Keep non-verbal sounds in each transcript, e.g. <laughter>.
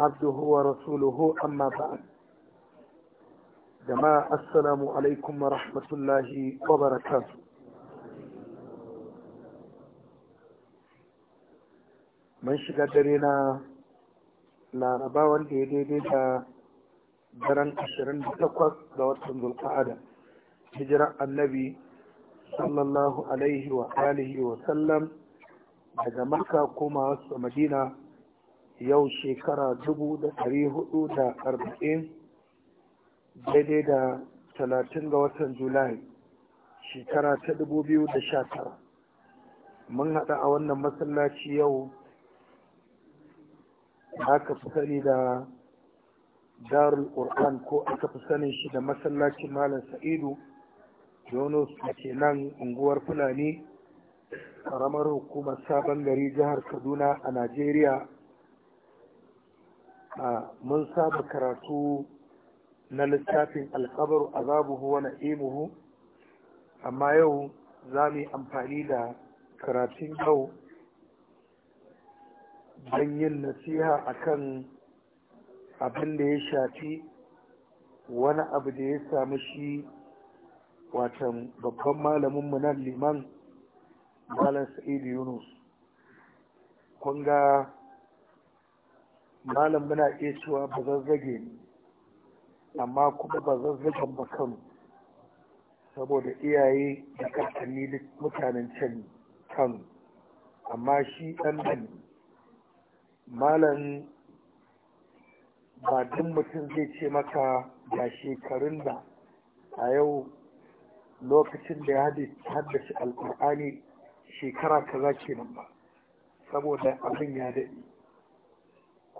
عبده ورسوله أما بعد جماعة السلام عليكم ورحمة الله وبركاته من شقدرنا laraba wanda ya daidai da daren ga watan zulka'ada hijirar annabi sallallahu alaihi wa wa sallam daga makka koma wasu madina yau shekara dubu da ɗari hudu da arba'in daidai da talatin ga watan julai shekara ta dubu biyu da sha tara mun haɗa a wannan masallaci yau aka fi sani da darul ƙur'an ko aka fi sanin shi da masallaci malam sa'idu yunus da ke nan unguwar fulani ƙaramar hukumar sabon gari jihar kaduna a najeriya A mun saba karatu na littafin alkabaru azabuhu wa na'imuhu amma yau za mu yi amfani da karatun yau don yin nasiha akan abin da ya shafi wani abu da ya samu shi watan babban malamin mu liman malam sa'idu yunus kun ga malam muna iya cewa ba zazzage ne amma kuma ba zazzagen ba Kano, saboda iyaye da kakanni mutanen can Kano, amma shi ɗan nan malam ba duk mutum zai ce maka ga shekarun da a yau lokacin da ya haddace alkur'ani shekara kaza kenan ba saboda abin ya daɗe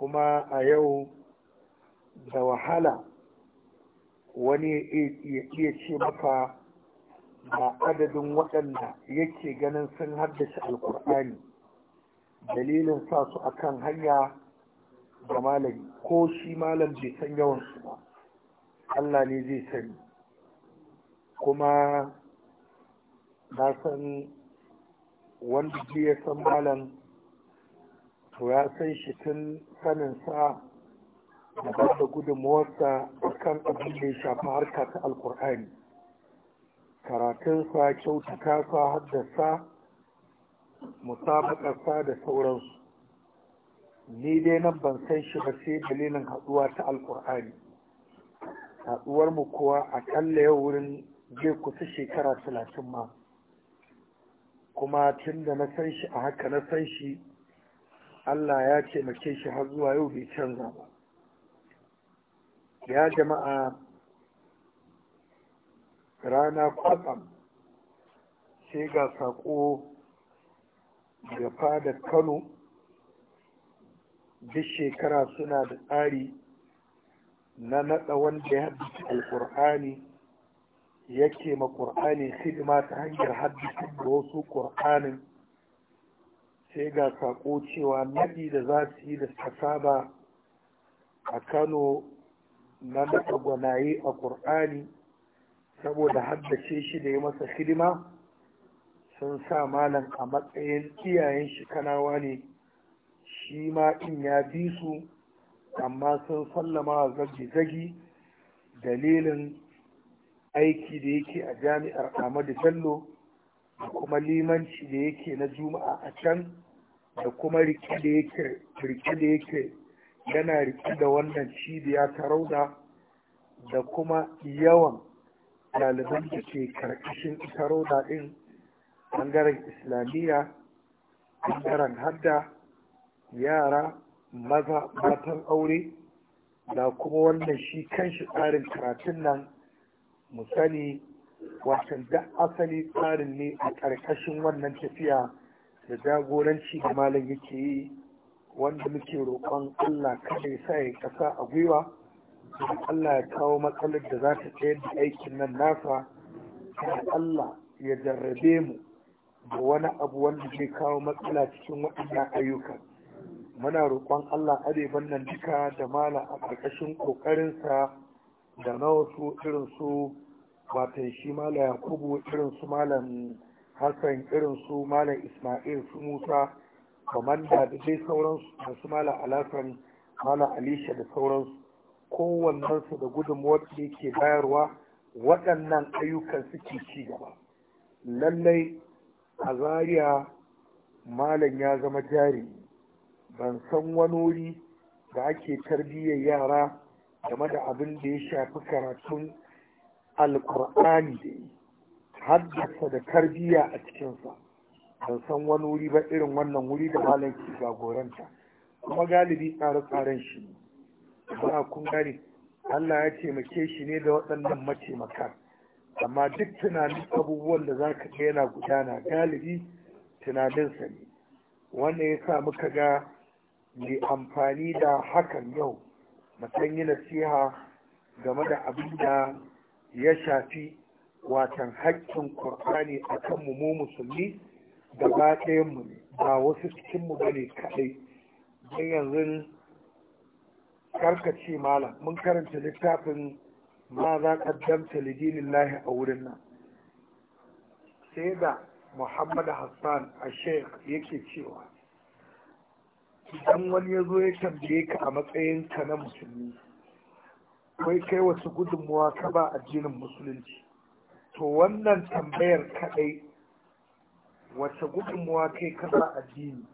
kuma a yau da wahala wani ya iya ce maka ba adadin waɗanda yake ganin sun haddace alkur'ani dalilin sa su akan hanya da malami ko shi malam bai san yawansu ba allah ne zai sani kuma na san wanda ya san malam to ya san shi tun saninsa da ba da gudunmuwarsa kan abin da ya shafi harka ta alkur'ani karatunsa kyautuka sa haddasa musabakarsa da sauransu ni dai nan ban san shi ba sai dalilin haɗuwa ta alkur'ani Haduwar mu kuwa aƙalla yau wurin zai kusa shekara talatin ma kuma tun da na san shi a haka na san shi Allah ya ce mace shi har zuwa yau bai canza ba ya jama'a rana kwatsam sai ga saƙo da fadar kano duk shekara suna da tsari na naɗa wanda ya haddace alƙur'ani yake ma ƙur'ani hidima ta hanyar haddace da wasu ƙur'anin sai ga sako cewa naɗi da za su yi da saba a kano na naɗa gwanaye a ƙur'ani saboda haddace shi da ya masa hidima sun sa malam a matsayin iyayen shi kanawa ne shi ma in ya bi su amma sun sallama wa zagi-zagi dalilin aiki da yake a jami'ar Ahmadu Bello da kuma limanci da yake na juma'a a can da kuma rike da yake yana rike da wannan cibiya ta rauda da kuma yawan ɗaliban da ke karkashin ita rauda ɗin ɓangaren islamiyya ɓangaren hadda yara maza matan aure da kuma wannan shi kanshi tsarin karatun nan mu sani wasan da asali tsarin ne a ƙarƙashin wannan tafiya da jagoranci da malam yake yi wanda muke roƙon Allah kada ya sa ya ƙasa a gwiwa Allah ya kawo matsalar da za ta tsayar da aikin nan nasa kada Allah ya jarrabe mu da wani abu wanda zai kawo matsala cikin waɗannan ayyuka muna roƙon Allah areban nan duka da malam a ƙarƙashin ƙoƙarinsa da na wasu irin su watan shi malam yakubu irin su malam hassan irin su malam ismail su musa kamanda da dai sauransu masu malam alasan malam alisha da sauransu kowannensu da gudunmuwar da yake bayarwa waɗannan ayyukan suke ci gaba lallai a zaria malam ya zama jari ban san wani wuri da ake tarbiyyar yara game da abin da ya shafi karatun alkur'ani haddasa da tarbiyya a cikinsa ban san wani wuri ba irin wannan wuri da malam ke jagoranta kuma galibi tsare-tsaren shi ba kun gani? Allah ya taimake shi ne da waɗannan mataimaka amma duk tunanin abubuwan da za ka ga yana gudana galibi tunaninsa ne wanda ya sa muka ga mai amfani da hakan yau mutan yi nasiha game da abin da ya shafi watan haƙƙin ƙur'ani a kan mu musulmi da ba mu ba wasu cikinmu ba ne kaɗai don yanzu karkace malam mun karanta littafin ma za ƙaddamta lidinin lahi a wurin nan sai da muhammad hassan a sheikh yake cewa idan wani ya zo ya tambaye ka a matsayinka na musulmi wai kai wasu gudunmuwa ka ba addinin musulunci to wannan tambayar kadai wata gudunmuwa kai ka ba addini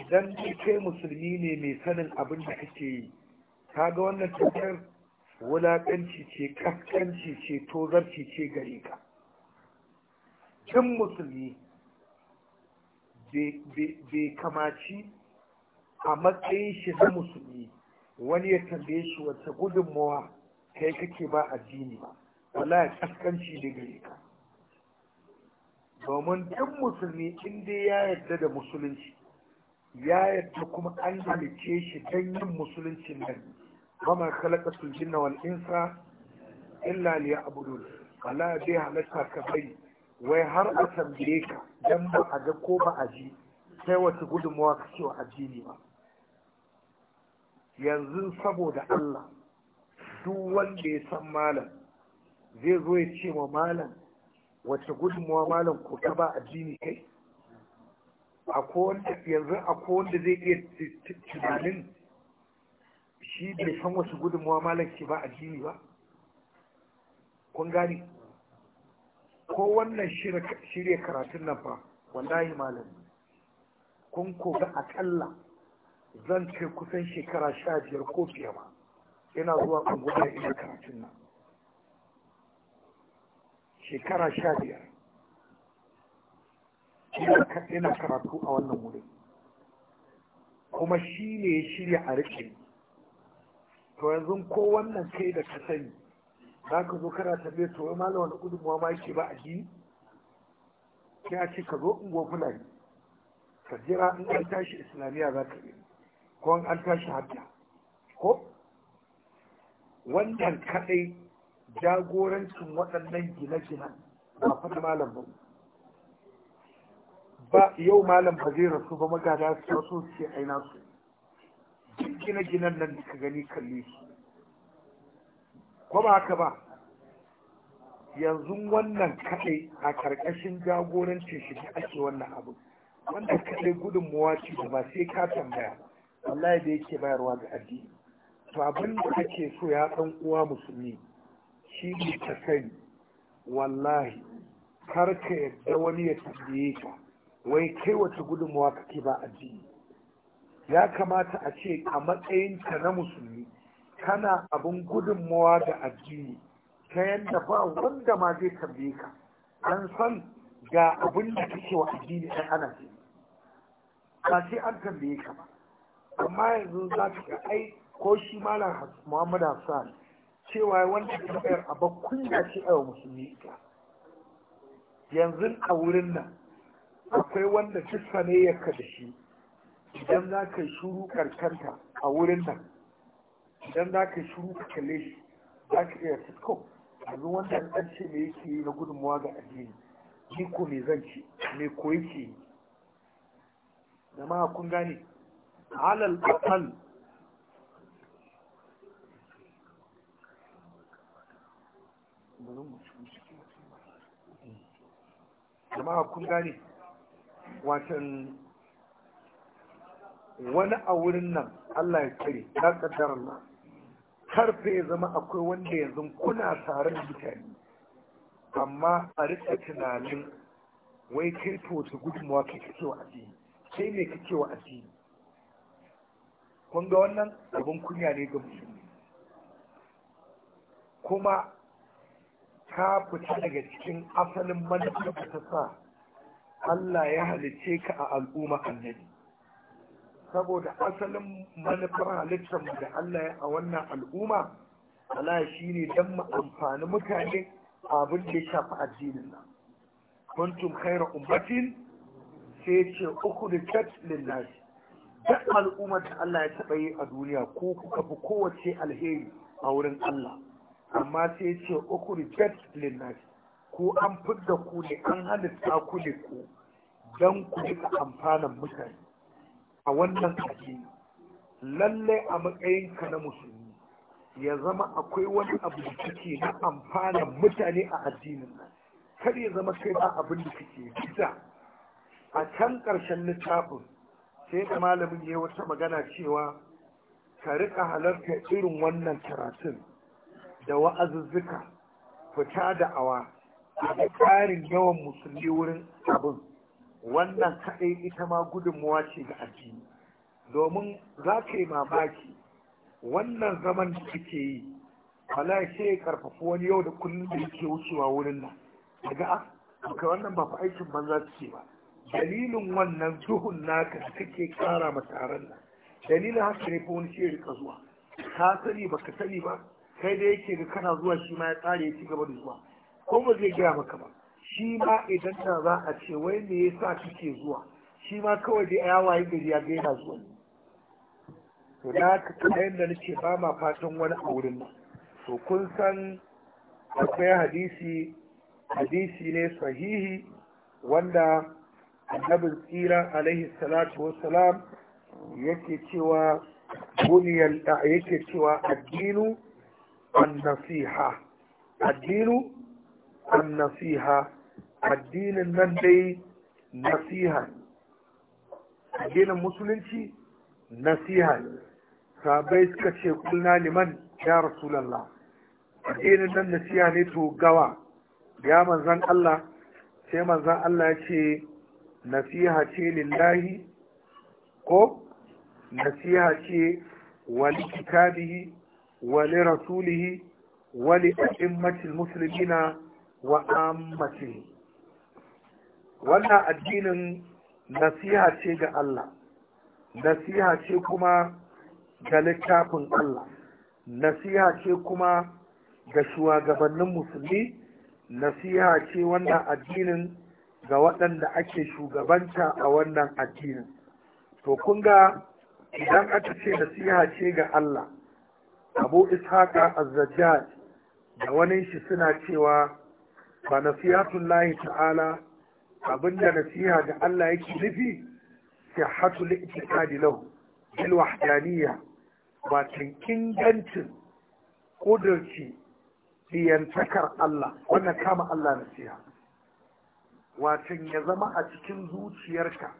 idan kai musulmi ne mai sanin abin da kake yi ga wannan tambayar wulaƙanci ce kaskanci ce tozarci ce gare ka kin musulmi bai kamaci a matsayin shi na musulmi wani ya tambaye shi wata gudunmowa kai kake ba addini ba wala ya kaskanci da gare ka domin duk musulmi in dai ya yarda da musulunci ya yarda kuma an halice shi don yin musulunci nan kamar khalaqatul jinna wal insa illa liya'budun wala ya bai halatta ka bari wai har a tambaye ka dan ba a ga ko ba a ji sai wata gudunmawa kake wa addini ba yanzu saboda Allah duk wanda ya san malam zai zo ya ce ma malam wace gudunmuwa malam ko ta ba addini kai yanzu a wanda zai iya tunanin shi bai san wace gudunmuwa malam ke ba addini ba kun gani ko wannan shirya karatun nan ba wallahi malam kun ko ga akalla zan ce kusan shekara sha biyar ko fiye ma ina zuwa gudun ina karatun nan shekara sha biyar ina karatu a wannan wurin kuma shi ne ya shirya a riƙe to yanzu ko wannan kai da ka sani za ka zo kana tambaye to wai malam wani gudunmuwa ma yake ba a ji Ya a ce ka zo gofula fulani ka jira in an tashi islamiyya za ka yi ko an tashi hadda ko wannan kadai jagorancin waɗannan gine-ginen ba fata malam ba ba yau malam ba zai rasu ba magada su rasu su aina su duk gine-ginen nan da ka gani kalli su ko ba haka ba yanzu wannan kadai a ƙarƙashin jagorancin shi ake wannan abu wannan kadai gudunmuwa ce ba sai ka tambaya ba wallahi da yake bayarwa ga addini to abin da ake so ya ɗan uwa musulmi shi ne ka sani wallahi kar ka yadda wani ya tambaye ka wai kai wata gudunmawa kake ba addini ya kamata a ce a matsayinka na musulmi kana abin gudunmawa da addini ta yadda ba wanda ma zai tambaye ka an san ga abin da kake wa addini ɗan ana ce ba sai an tambaye ka ba amma yanzu za ta ga ai ko shi malam Muhammad Hassan cewa wannan tambayar a bakun da shi a musulmi ita yanzu a wurin nan akwai wanda kisa ne ya da shi idan za ka shuru karkanta a wurin nan idan za ka shuru ka kalle shi za ka iya fitko yanzu wanda an ce me yake yi na gudunmawa ga addini ni ko me zan ce me ko yake yi jama'a kun gane alal aqal jama'a kun gane watan wani a wurin nan Allah ya tsare ya kaddar Allah karfe ya zama akwai wanda yanzu kuna tare da mutane amma a rika tunanin wai kai to ta gudunmawa ka kake wa addini kai ne kake wa addini kun ga wannan abin kunya ne ga musulmi kuma ka fita daga cikin asalin manufar da ta sa Allah ya halice ka a al'umma annabi saboda asalin manufar halittar mu da Allah ya a wannan al'umma Allah shi ne don mu amfani mutane abin da ya shafi addinin nan kuntum khaira ummatin sai ce uku da cat lillahi duk al'ummar da Allah ya taɓa yi a duniya ko kuka fi kowace alheri a wurin Allah amma sai ce ukuri jet linnas ko an fidda ku ne an halitta ku ne ku don ku rika amfanan mutane a wannan addini lallai a matsayin ka na musulmi ya zama akwai wani abu da kake na amfanan mutane a addinin nan kar ya zama kai ba abin da kake bisa a can ƙarshen littafin sai da malamin ya wata magana cewa ka rika halarta irin wannan karatun da wa'azuzzuka fita da awa da ƙarin yawan musulmi wurin abin wannan kaɗai ita ma gudunmuwa ce ga addini domin za ka yi mamaki wannan zaman da kake yi wala sai ya karfafi wani yau da kullum da yake wucewa wurin nan daga a ah, wannan ba fa aikin banza suke ba dalilin wannan duhun naka da kake kara ma taron nan dalilin haka ne ko wani rika zuwa ka sani baka sani ba kai da yake ga kana zuwa shi ma ya tsare ya ci gaba da zuwa ko ba zai gaya maka ba shi ma idan da za a ce wai me yasa kike zuwa shi ma kawai dai ya waye gari ya ga zuwa to da ka kayan da nake ba ma fatan wani a wurin nan to kun san akwai hadisi hadisi ne sahihi wanda annabin tsira alaihi salatu wassalam yake cewa da yake cewa addinu an-nasiha addinu an-nasiha addinin nan dai nasiha addinin musulunci nasiha sabai suka ce kulna liman ya rasulallah addinin nan nasiha ne to gawa ya manzan Allah sai manzan Allah ya ce nasiha ce lillahi ko nasiha ce wali kitabihi wali rasulihi wali a'immatil muslimina wa ammatihi wannan addinin nasiha ce ga Allah nasiha ce kuma ga littafin Allah nasiha ce kuma ga shugabannin musulmi nasiha ce wannan addinin ga waɗanda ake shugabanta a wannan addinin to kun ga idan aka ce nasiha ce ga Allah abu ishaqa az-zajjaj da wani shi suna cewa ba nasihatun lahi ta'ala abinda nasiha ga Allah yake nufi sihhatul i'tiqadi lahu bil wahdaniyya ba ingancin kudurci diyantakar Allah wannan kama Allah nasiha watan ya zama a cikin zuciyarka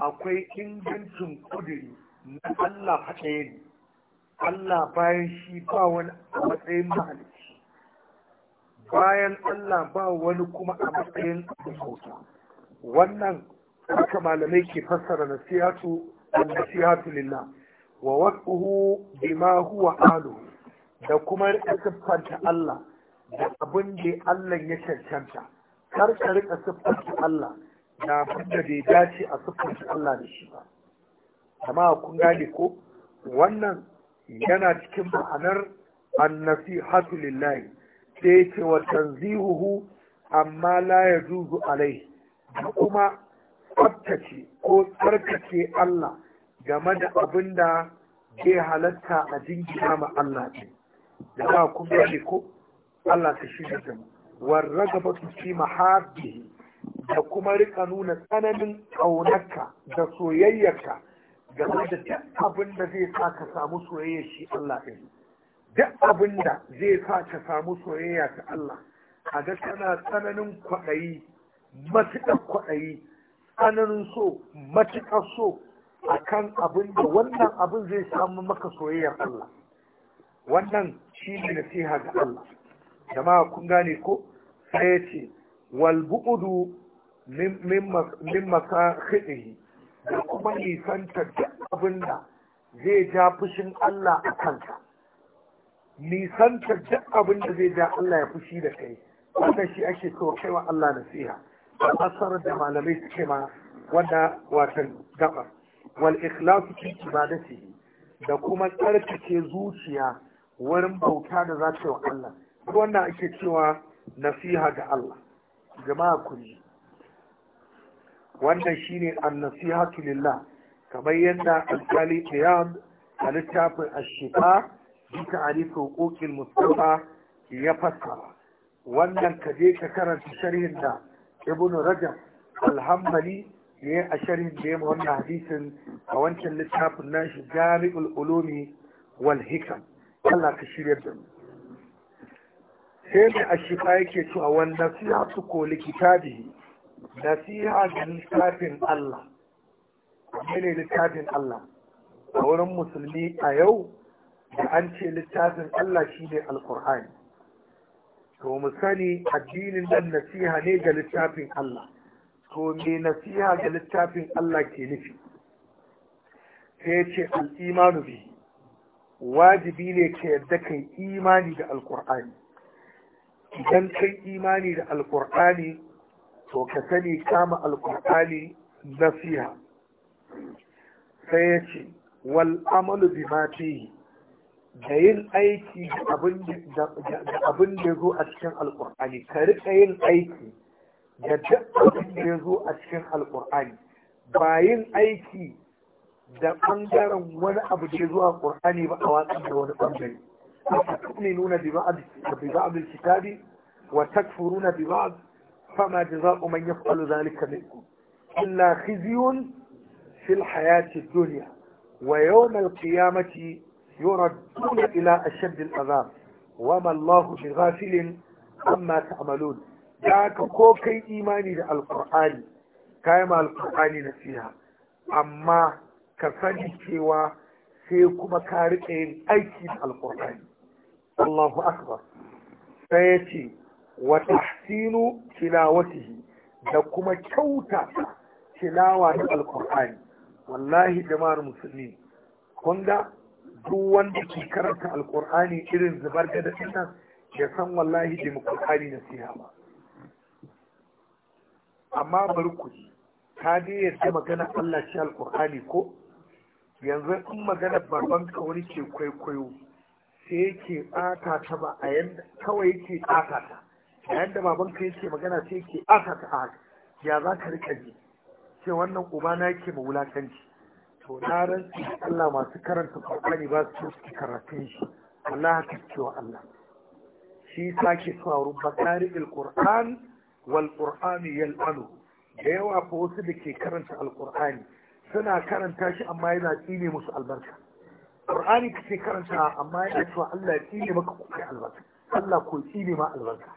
akwai ingancin kudiri na Allah faɗaya ne Allah bayan shi ba wani a matsayin mahalici bayan Allah ba wani kuma a matsayin abubuwa wannan haka malamai ke fassara da siyatu lilla wa wad'uhu bima huwa alu da kuma siffanta Allah da abin da Allah ya cancanta kar ka rika siffar Allah na abinda bai dace a siffar Allah da shi ba amma kun gane ko wannan yana cikin ma'anar annasihatu lillahi sai ce wa tanzihuhu amma la ya zuzu alai da kuma tsabtace ko tsarkake Allah game da abin da ke halatta a jinkina ma Allah ne da ba kuma ne ko Allah ta shirya da mu warragabatu fi mahabbihi da kuma rika nuna tsananin ƙaunarka da soyayyarka game da duk abin da zai sa ka samu soyayya shi Allah ɗin duk abin da zai sa ka samu soyayya ta Allah a ga tana tsananin kwaɗayi matuƙar kwaɗayi tsananin so matuƙar so a kan abin da wannan abin zai samu maka soyayyar Allah wannan shi ne nasiha ga Allah jama'a kun gane ko sai ya ce wal min masa khidihi da kuma nisanta da abin da zai ja fushin Allah a kanka nisanta da abin da zai ja Allah ya fushi da kai wannan shi ake so kai wa Allah nasiha a kasar da malamai suke ma wanda watan gaba wal ikhlasu fi ibadatihi da kuma tsarkake zuciya wurin bauta da za ta yi wa Allah wannan ake cewa nasiha ga Allah jama'a kulli wannan shine an-nasihatu lillah kamar yadda alkali qiyam a littafin ash-shifa bi ta'rif huquqil mustafa ya fassara wannan ka je ka karanta sharhin da ibnu rajab alhambali ya yi a sharhin da ya wannan hadisin a wancan littafin nashi jami'ul ulumi wal hikam Allah ka shirya da mu sai mai ashifa yake cewa wani nasiha su koli kitabi nasiha da littafin Allah ne littafin Allah a wurin musulmi a yau da an ce littafin Allah shine alkur'ani to mu sani addinin nan nasiha ne ga littafin Allah to me nasiha ga littafin Allah ke nufi sai ce al'imanu bi wajibi ne ka yadda kai imani da alkur'ani idan kai imani da alkur'ani to ka sani kama alkur'ani nasiha sai ya ce wal amalu bi ma da yin aiki da abin da zo a cikin alkur'ani ka rika yin aiki da duk abin da zo a cikin alkur'ani ba yin aiki da ɓangaren wani abu da zo a ƙur'ani ba a watsar da wani ɓangare أفتؤمنون ببعض ببعض الكتاب وتكفرون ببعض فما جزاء من يفعل ذلك منكم إلا خزي في الحياة الدنيا ويوم القيامة يردون إلى أشد الأذاب وما الله بغافل عما تعملون ذاك كوكي إيماني للقرآن كما القرآن نسيها أما كفني سوى سيكما كارئين أيكي القرآن Allahu akbar sai ya ce wa tahsinu tilawatihi da kuma kyauta tilawa na alkur'ani wallahi jama'ar musulmi kun duk wanda ke karanta alkur'ani irin zubar da daɗin ya san wallahi da alkur'ani na siya ba amma bari ku ji ta dai yadda magana Allah ce alkur'ani ko yanzu in magana babanka wani ke kwaikwayo sai yake ɓata ta ba a yadda kawai yake ɓata ta a yadda babanka yake magana sai yake ɓata ta a haka ya za ka rika ji ce wannan uba na yake ma wulakanci to na rantsi Allah masu karanta Qur'ani ba su ci karatun shi Allah ka cewa Allah shi sake cewa rubba qari'il wal Qur'anu yal'anu da yawa fa wasu da ke karanta al suna karanta shi amma yana tsine musu albarka Qur'ani ka kake karanta amma yana cewa Allah ya tsine maka kuka albarka Allah ko tsine ma albarka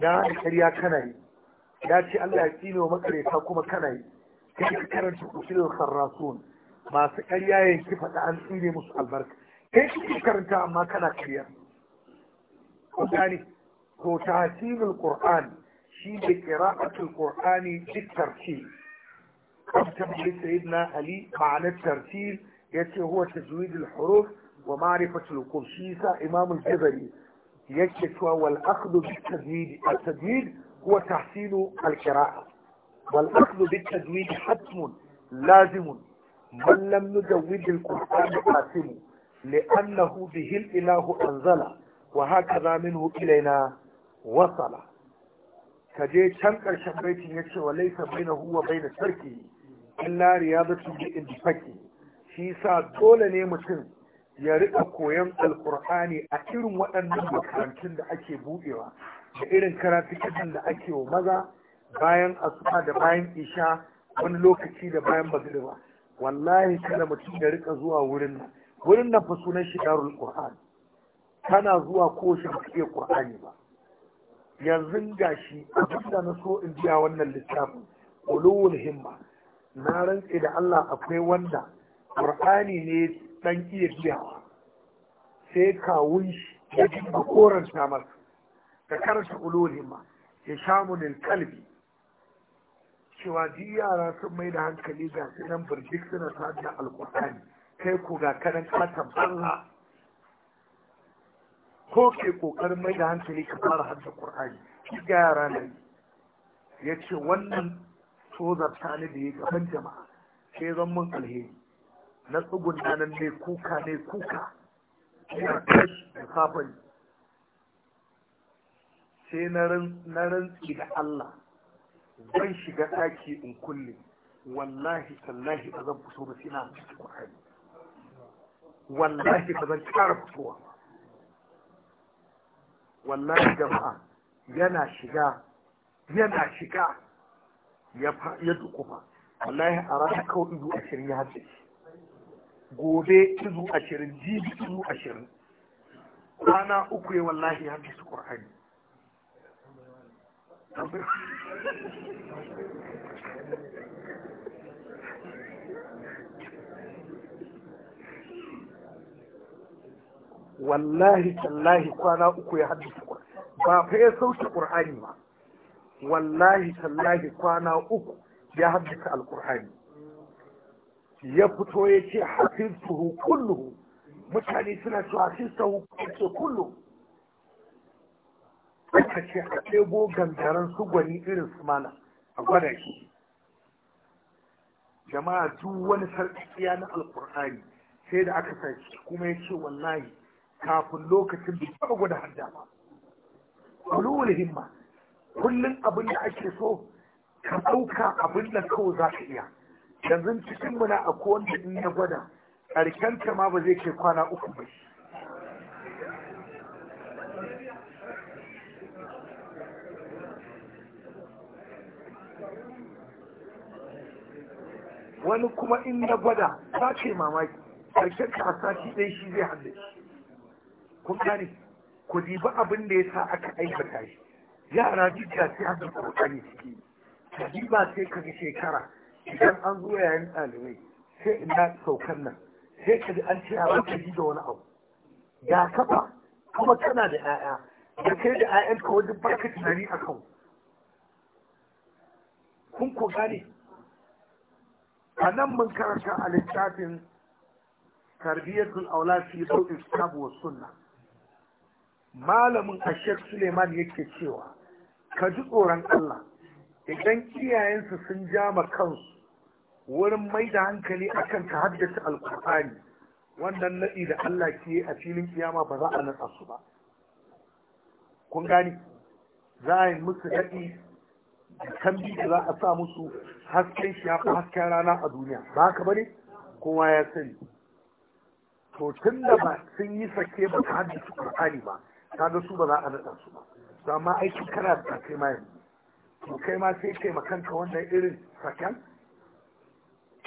da ƙarya kana yi ya ce Allah ya tsine wa makareta kuma kana yi kai ka karanta usulul kharrasun masu ƙarya yanki faɗa an tsine musu albarka kai kake karanta amma kana ƙarya Qur'ani to tahsinul Qur'an shi ne qira'atul Qur'ani bi tartil kan tabbi sayyidina Ali ma'anar tartil yace huwa tajwid al-huruf wa ma'rifat al-qursi sa imam al-jabari yace cewa wal akhdhu bi tajwid at-tajwid huwa tahsin al-qira'a wal akhdhu bi tajwid hatm lazim man lam yudawwid al-qur'an qasim li'annahu bihi al-ilahu anzala wa hakadha minhu ilayna wasala kaje can karshen baitin yace wa laysa huwa wa bayna sarki illa riyadatu bi intifaqihi shi sa dole ne mutum ya riƙa koyon alkur'ani a irin waɗannan makarantun da ake buɗewa da irin karatun da ake wa maza bayan asuba da bayan isha wani lokaci da bayan magriba wallahi kada mutum ya riƙa zuwa wurin nan wurin nan fa sunan shi darul qur'an kana zuwa ko shi ba iya qur'ani ba yanzu gashi shi, abinda na so in biya wannan littafin ulul himma na rantse da Allah akwai wanda kur'ani ne ɗan iya biyawa sai kawun shi ya ji bakoran masa ka karanta ma ya nil kalbi cewa ji yara sun mai da hankali ga su nan birjik suna alƙur'ani kai ko ga kanan katon balla ko ke ƙoƙarin mai da hankali ka fara hadda ƙur'ani shi ga yara nan ya ce wannan tozarta ne da ya gaban jama'a sai zan mun alheri na tsugun nan ne kuka ne kuka ina kashi da safari sai na rantsi da Allah zan shiga ɗaki in kulle wallahi tallahi ba zan fito ba sai na Qur'ani wallahi ba zan ƙara fitowa wallahi jama'a yana shiga yana shiga ya dukufa wallahi a ranar kawai ido ashirin ya haɗe shi gobe izu ashirin jibi izu ashirin rana uku ya wallahi ya su ƙwarhani wallahi tallahi kwana uku ya haddasa ba fa ya sauke ƙur'ani ba wallahi tallahi kwana uku ya haddasa alƙur'ani ya fito ya ce hafiztuhu kulluhu mutane suna cewa hafiztuhu ce kullu aka ce a ɗebo gangaren su gwani irin su mana a gwada shi jama'a duk wani sarƙaƙiya na alƙur'ani sai da aka sace kuma ya ce wallahi kafin lokacin da taɓa gwada hadda ba ulul himma kullum abin da ake so ka ɗauka abin da kawai za ka iya yanzu cikin muna a da in ya gwada ƙarshenta ma ba zai ke kwana uku ba wani kuma in na gwada ta ce mamaki ƙarshenta a sati ɗaya shi zai hannu shi. kun gane ku dibi abin da ya sa aka aikata shi yara duk da sai hannu kokari suke diba sai kaga shekara idan an zo yayin ɗalibai sai ina saukan nan sai ka ji an ce a wani da wani abu ya kafa kuma kana da 'ya'ya da kai da 'ya'yan ka wajen barka tunani a kan kun ko gane a nan mun karanta a littafin tarbiyyatul aula fi sauƙin kitabu wa sunna malamin ashek suleiman yake cewa ka ji tsoron allah idan kiyayensu sun ja ma kansu wurin mai da hankali a kan ka haddace alkur'ani wannan naɗi da Allah ke a filin kiyama ba za a natsa su ba kun gani za a yi musu daɗi da da za a sa musu hasken shi hasken rana a duniya ba ka bane kowa ya sani to tun da ba sun yi sake ba ta haddace ƙurani ba kaga su ba za a naɗa su ba to amma aikin kana da kai ma yanzu to kai ma sai kai makanka wannan irin saken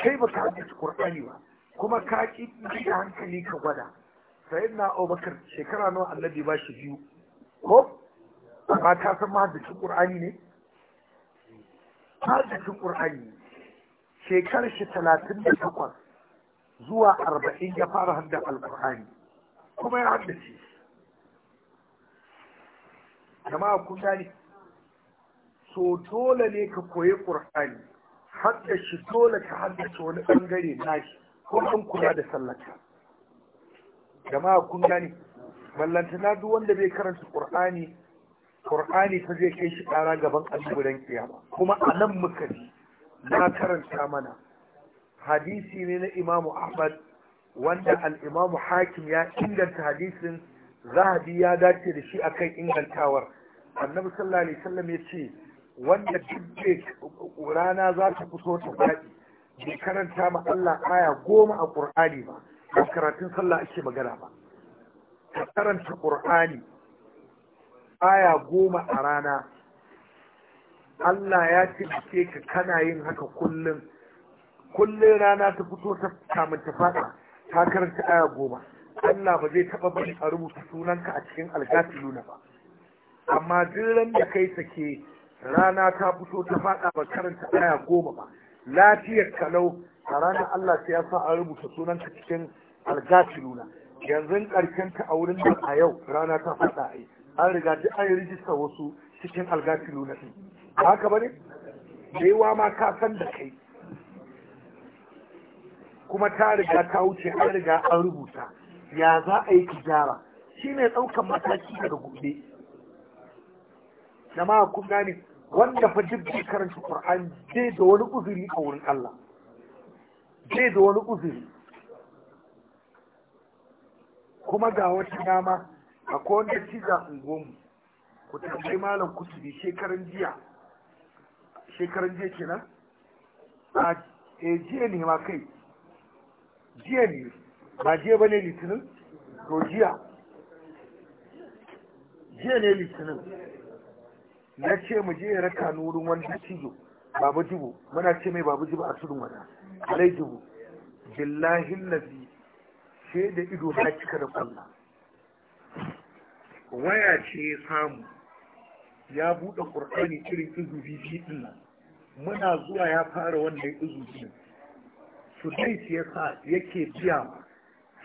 kai ba ka haddace qur'ani ba kuma ka ki da hankali ka gwada na abubakar shekara nawa annabi ba shi biyu ko ba ta san mahaddacin qur'ani ne mahaddacin qur'ani shekarar shi talatin da takwas zuwa arba'in ya fara hadda alqur'ani kuma ya haddace jama'a kun gane so dole ne ka koyi qur'ani hadda shi dole ka haddace wani na shi, ko an kula da sallata jama'a kun gani ballantana duk wanda bai karanta qur'ani Kur'ani ta zai kai shi kara gaban alburan kiyama kuma a nan muka ji na karanta mana hadisi ne na imamu ahmad wanda al-imamu hakim ya inganta hadisin zahabi ya dace da shi akan ingantawar annabi sallallahu alaihi wasallam ya ce wanda duk rana za ta fito ta faɗi bai karanta ma Allah aya goma a ƙur'ani ba ba karatun sallah ake magana ba ka karanta ƙur'ani aya goma a rana Allah ya ce ka kana yin haka kullum kullum rana ta fito ta kamun ta faɗa ta karanta aya goma Allah ba zai taɓa bari a rubuta sunanka a cikin algafi luna ba amma duk da kai sake rana ta fito ta faɗa ba karanta aya goma ba lafiyar kalau a ranar Allah sai ya sa a rubuta sunanka cikin algafiruna yanzu karshen ta a wurin da a yau rana ta faɗa ai an riga duk an rijista wasu cikin algafiruna din haka bane da ma ka san da kai kuma ta riga ta wuce an riga an rubuta ya za a yi tijara shine ɗaukan mataki daga gobe jama'a kun gane wanda fa duk bai karanta Qur'ani zai da wani uzuri a wurin Allah zai da wani uzuri kuma ga wata dama akwai wanda su gomu ku tambayi malam kutubi shekaran jiya shekaran jiya kenan a eh, jiya ne ma kai jiya ne ba jiya ba ne litinin to jiya jiya ne litinin na ce mu je raka ni wurin wani dattijo babu jibo muna ce mai babu jibo a tudun wata alai jibo billahi lazi ce da ido na cika da kwalla waya ce ya samu ya buɗe ƙur'ani irin izu bibi ɗin nan muna zuwa ya fara wannan izu biyu su dai ya sa yake biya ma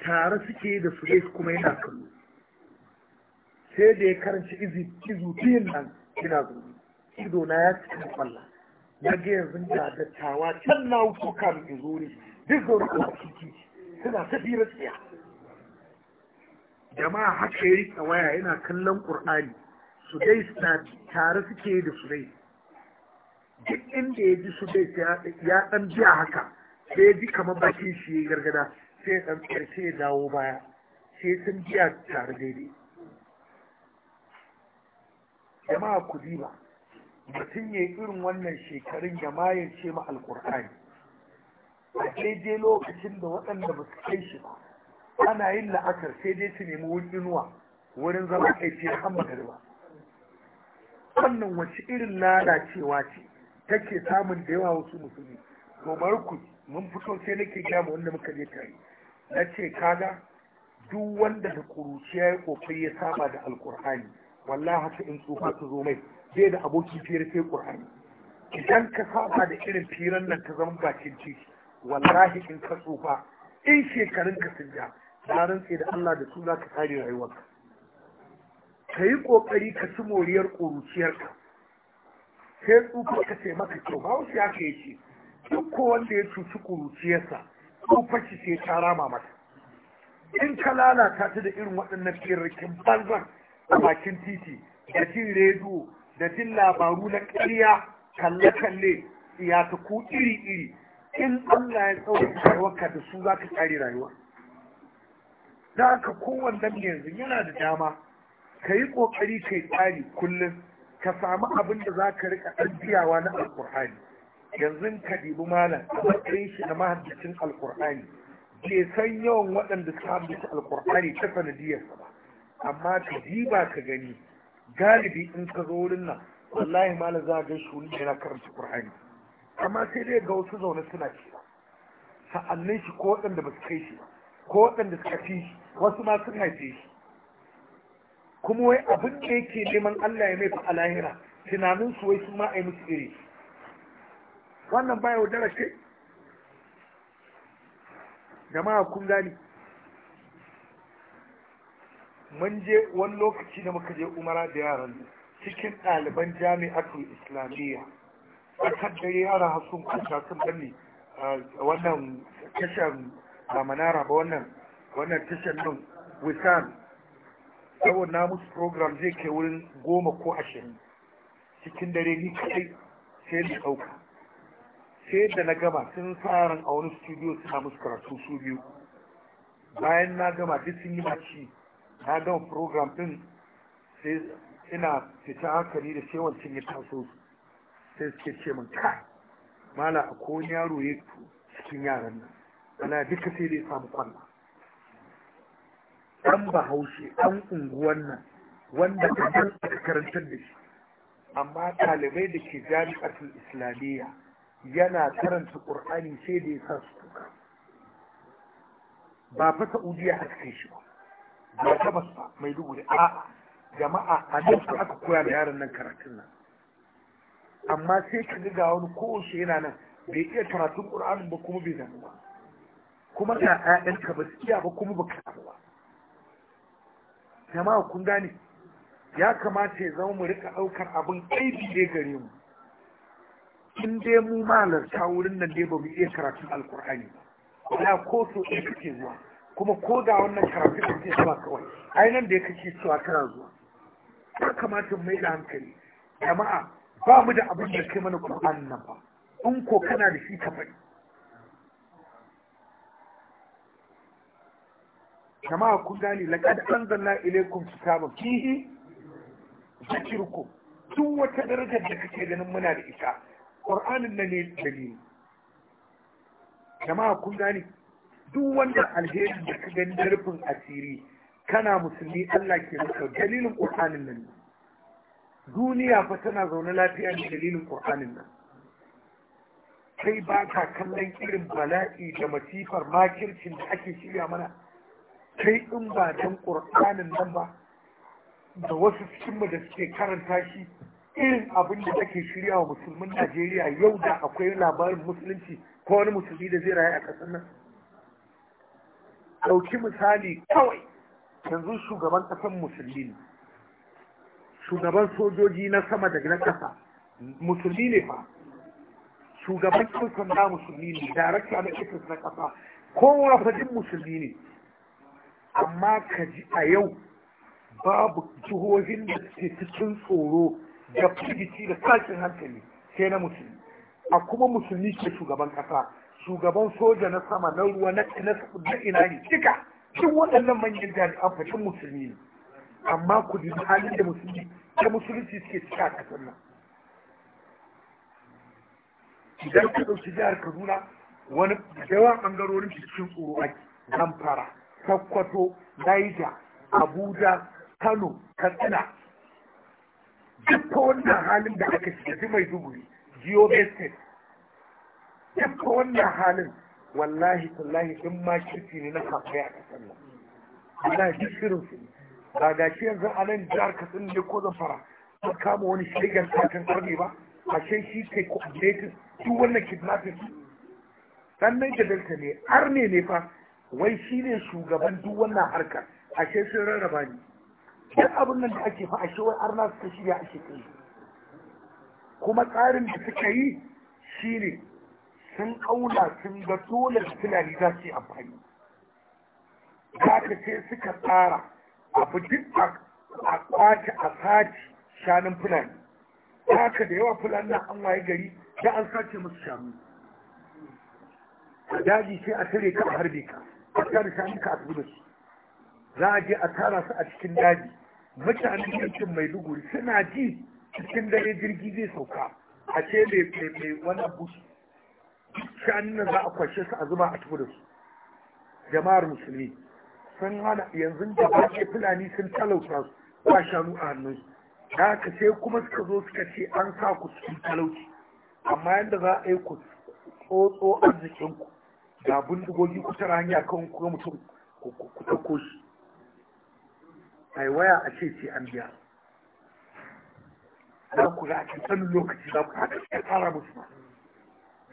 tare suke da su kuma yana kallo sai da ya karanci izu biyun nan Kina zo ido na ya ci kan kwalla na ga yanzu da dattawa can na wuce kan in zo ne duk zaune a kiki suna ta hira tsaya jama'a haka ya rika waya yana kallon ƙur'ani su dai tare suke da su dai duk inda ya ji su dai ya ɗan biya haka sai ya ji kamar bakin shi ya gargada sai ya ɗan ya dawo baya sai sun biya tare daidai jama'a ku ba mutum ya irin wannan shekarun ya ce ma alkur'ani a daidai lokacin da waɗanda ba su kai shi ba ana yin la'akar sai dai su nemi inuwa wurin zama aiki da da riba. wannan wace irin lalacewa ce take samun da yawa wasu musulmi to bari ku mun fito sai nake gaya wanda muka je tare na ce kaga duk wanda da kuruciya ya kokari ya saba da alkur'ani wallahi haka in tsufa ta zo mai zai da abokin fere sai qur'ani idan ka saba da irin firan nan ka zama bakin ci wallahi in ka tsufa in shekarun ka sun ja na rantse da Allah da suna ka kare rayuwarka ka yi kokari ka ci moriyar ƙuruciyarka sai tsufa ka sai maka kyau ba wasu ya ka yace duk ko wanda ya cuci ƙuruciyarsa tsufa shi sai ta rama mata in ka lalata ta da irin waɗannan firarkin banzan a bakin titi da jin rediyo da jin labaru na ƙarya kalle-kalle ku iri-iri in Allah ya tsawon rayuwarka da su za ka tsari rayuwa Za da haka kowanne yanzu yana da dama ka yi ƙoƙari ka yi tsari kullum ka samu abin da za ka rika ɗan na alƙur'ani yanzu ka ɗibi malam a matsayin shi na mahaddacin alƙur'ani bai san yawan waɗanda suka haddace alƙur'ani ta sanadiyarsa ba amma ka ba ka gani galibi in ka zo wurin nan wallahi malam za ga shuni yana karanta qur'ani amma sai dai ga wasu zaune suna ci sa'annin shi ko waɗanda ba su kai shi ko waɗanda suka fi shi wasu ma sun haife shi kuma wai abin da yake neman Allah ya mai fa alahira tunanin su wai sun ma ai musu iri wannan baya wadara ce jama'a kun gani mun je wani lokaci da muka je umara da yaran cikin ɗaliban jami'atul islamiyya kan da yara hasun kusa sun bani wannan tashar manara wannan tashar nan wisan saboda na program zai kai wurin goma ko ashirin cikin dare ni kai sai da ɗauka sai da na gama sun tsarin a wani studio suna musu karatu su biyu bayan na gama duk sun yi maci na gama program din sai ina fita hankali da sai wancan ya taso sai suke ce min ka mala a yaro ya cikin yaran nan ana duka sai dai samu kwalla ɗan bahaushe ɗan unguwan nan wanda ka aka karantar da shi amma ɗalibai da ke jami'atul islamiyya yana karanta qur'ani sai da ya sa su ba fa saudiya a cikin shi ba ba gabas ba mai dubu A'a jama'a a nan aka koya da yaron nan karatun nan amma sai ka ga ga wani kowace yana nan bai iya karatun ƙur'anin ba kuma bai damu ba kuma ga ka ba su ba kuma ba ka ba jama'a kun gane ya kamata ya zama mu rika ɗaukar abin aiki ne gare mu in dai mu malarta wurin nan dai ba mu iya karatun alkur'ani ba ko so ɗaya kake zuwa kuma ko da wannan karatu da ke zuwa kawai ainihin nan da ya kake cewa kana zuwa ya kamata mai da hankali jama'a ba mu da abin da kai mana ƙur'an nan ba in ko kana da shi ka faɗi jama'a kun gane laqad anzalna ilaykum kitaban fihi zikrukum duk wata darajar da kake ganin muna da ita Qur'anin nan ne dalili jama'a kun gane duk wannan alheri da ka gani da rufin asiri kana musulmi Allah ke maka dalilin Qur'anin nan duniya fa tana zaune lafiya da dalilin Qur'anin nan kai ba ka kallon irin bala'i da masifar makircin da ake shirya mana kai in ba dan Qur'anin nan ba da wasu cikin da suke karanta shi irin abin da ake shirya wa musulmin Najeriya yau da akwai labarin musulunci ko wani musulmi da zai rayu a ƙasar nan ɗauki misali kawai yanzu shugaban ƙasan musulmi ne shugaban sojoji na sama da na ƙasa musulmi ne fa shugaban ɗan na musulmi ne darakta na ƙasar na ƙasa kowa fadin musulmi ne amma ka ji a yau babu jihohin da ke cikin tsoro da firgici da sakin hankali sai na musulmi a kuma musulmi ke shugaban ƙasa shugaban soja na sama na ruwa na ina ne duka duk waɗannan manyan jami'an fashin musulmi ne amma ku dubi halin da musulmi ta musulunci suke cika a ƙasar nan idan ka ɗauki jihar kaduna wani yawan ɓangarorin cikin tsoro ake zamfara sakkwato naija abuja kano katsina duk ta wannan halin da aka shiga mai duguri geobestate duk wannan halin wallahi tallahi in ma kirki ne na kafa a kasar nan wallahi duk shirin su ba ga shi yanzu a nan jihar katsina ne ko zafara ta kama wani shigar kakan karni ba a shan shi kai coordinator su wannan kidnapping sannan da delta ne arne ne fa wai shi ne shugaban duk wannan harkar ashe sun rarraba ni duk abin nan da ake fa a shi wai arna ta shirya ake kai kuma tsarin da suka yi shi ne. sun aula sun ga dole da tunani za su yi amfani za ka ce suka tsara abu duk a kwace a sace shanun fulani ka da yawa fulani na an waye gari da an sace musu shanu a daji sai a tare ka a harbe ka a tare shanun ka a tafi su za a je a tara su a cikin daji mutanen yankin maiduguri suna ji cikin dare jirgi zai sauka a ce mai wannan bushi shanun nan za a kwashe su a zuba a tafi da su jama'ar musulmi sun hana yanzu da ba ke fulani sun talauta su ba shanu a hannun su da haka sai kuma suka zo suka ce an sa ku cikin talauci amma yadda za a yi ku tsotso arzikinku ga bindigogi ku tara hanya kan kuma mutum ku ɗauko shi yi waya a ce ce an biya za ku za a cikin lokaci za ku haɗa ya fara musu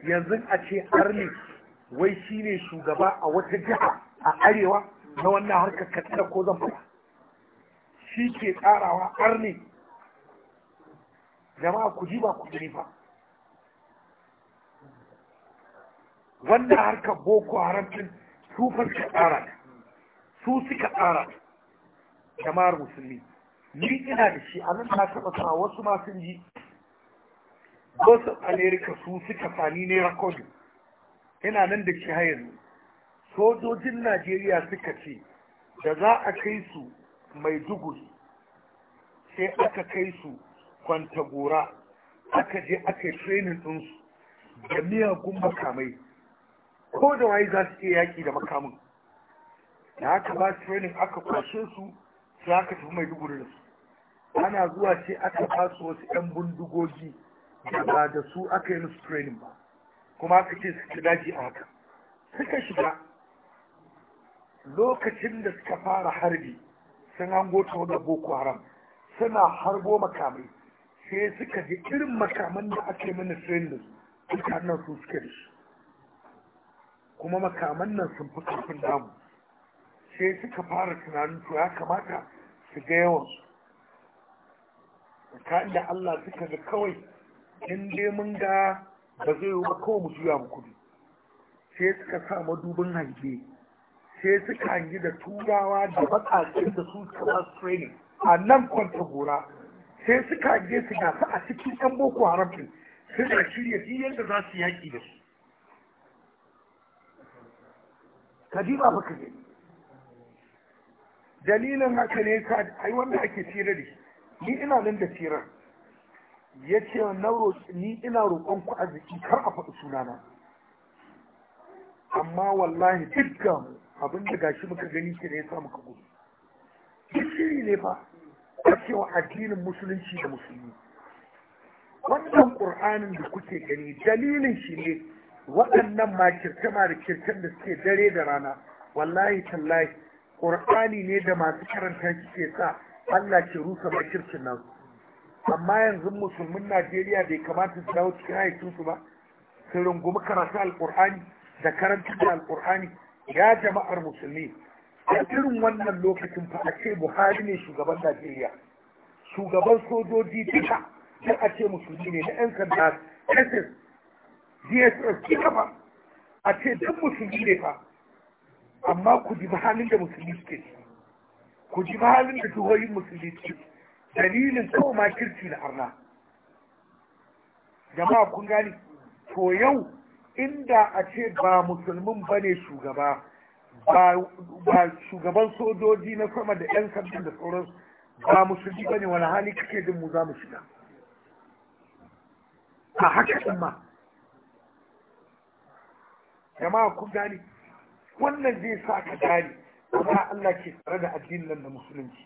yanzu a ce arni wai shi ne shugaba a wata jiha a arewa na wannan harkar katsina ko faɗa. shi ke tsarawa arni jama'a ku ji ba ku gani ba wannan harkar boko haramcin su farka tsara su suka tsara jama'ar musulmi ni ina da shi a nan na taɓa sa wasu masu sun ji wasu amerika su suka fani ne rakodin yana nan da shi yanzu sojojin najeriya suka ce da za a kai su maiduguri sai aka kai su kwantagora aka je aka yi training ɗinsu da miyagun makamai ko da waye za su iya yaƙi da makamin da aka ba su training aka kwashe su sai aka tafi maiduguri da su ana zuwa sai aka ba wasu 'yan bindigogi da da su aka yi musu training ba kuma aka ce su daji a haka suka shiga lokacin da suka fara harbi sun hango ta boko haram suna harbo makamai sai suka ji irin makaman da aka yi mana training suka nan su suka da shi kuma makaman nan sun fi kafin damu sai suka fara tunanin to ya kamata su ga yawansu tsakanin da Allah suka ga kawai in dai mun ga ba zai yi kawo mu juya mu kudu sai suka sa madubin hange sai suka hangi da turawa da baƙaƙen da su kama training a nan kwanta gora sai suka hange su gasa a cikin yan boko haram ɗin suna shirya shi yadda za su yaƙi da su kadima ba ka dalilin haka ne ka ai wanda ake tsira da shi ni ina nan da tsirar ya ce na roƙi ni ina roƙon ku jiki kar a faɗi sunana amma wallahi dukkan abin da gashi muka gani shi ne ya sa muka gudu duk shiri ne fa a cewa addinin musulunci da musulmi wannan ƙur'anin da kuke gani dalilin shi ne waɗannan ma kirkama da kirkan da suke dare da rana wallahi tallahi ƙur'ani ne da masu karanta shi ke sa Allah ke rusa makircin nasu amma yanzu musulmin najeriya bai kamata su dawo cikin su ba su rungumi karatu alkur'ani da karanta da alkur'ani ya jama'ar musulmi a irin wannan lokacin fa a ce buhari ne shugaban najeriya shugaban sojoji duka sai a ce musulmi ne na 'yan sanda ss dss duka ba a ce duk musulmi ne fa amma ku ji halin da musulmi suke ku ji halin da jihohin musulmi suke dalilin kawai ma kirki na arna jama'a kun gani to yau inda a ce ba musulmin ba ne shugaba ba shugaban sojoji na sama da 'yan sabbin da sauransu ba musulmi ba ne wani hali kake jin mu za mu shiga a haka ɗin ma jama'a kun gani wannan zai sa ka gani Kuma Allah ke tsare da addinin nan da musulunci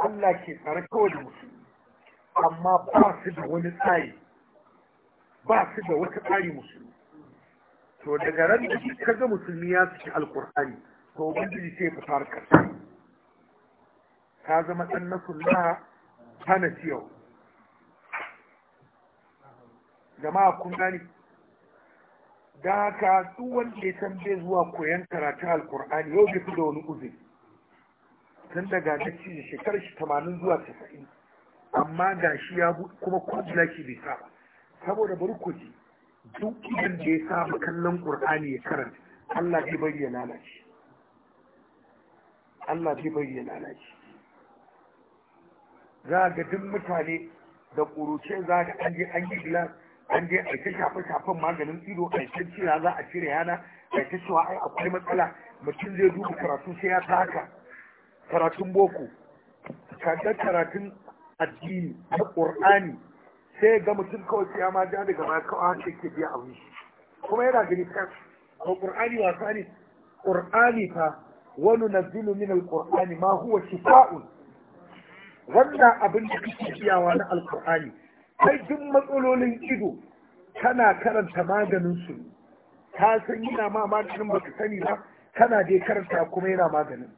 Allah ke tsare kawai da musulmi amma ba su da wani tsari ba su da wata tsari musulmi to daga ran da ka ga musulmi ya saki alkur'ani to ubangiji sai fita ƙasa. ka zama dan nasullah hana ciyau jama'a kun gani da haka duk wanda ya san zuwa koyon karatun alkur'ani yau bai fi da wani uzuri tun daga da shekarar shi tamanin zuwa tasa'in amma ga shi ya kuma kwangila shi bai saba saboda barkoci duk idan da ya saba kallon ƙur'ani ya karanta Allah zai bari ya lalace Allah zai bari ya lalace za ga duk mutane da ƙuruce za ga an je an yi gilas an je a ta shafe shafen maganin ido a ta cira za a cire yana a ta cewa ai akwai matsala mutum zai duba karatu sai ya taka karatun boko kaga karatun addini na ƙur'ani sai ga mutum kawai sai ma ja daga baya kawai haka yake biya abin shi kuma yana gani ta ko ƙur'ani wasa ne ƙur'ani fa wani nazilu min alƙur'ani ma huwa shifa'un wannan abin da kake biyawa na alƙur'ani kai duk matsalolin ido kana karanta maganin su ka san yana ma maganin baka sani ba kana dai karanta kuma yana maganin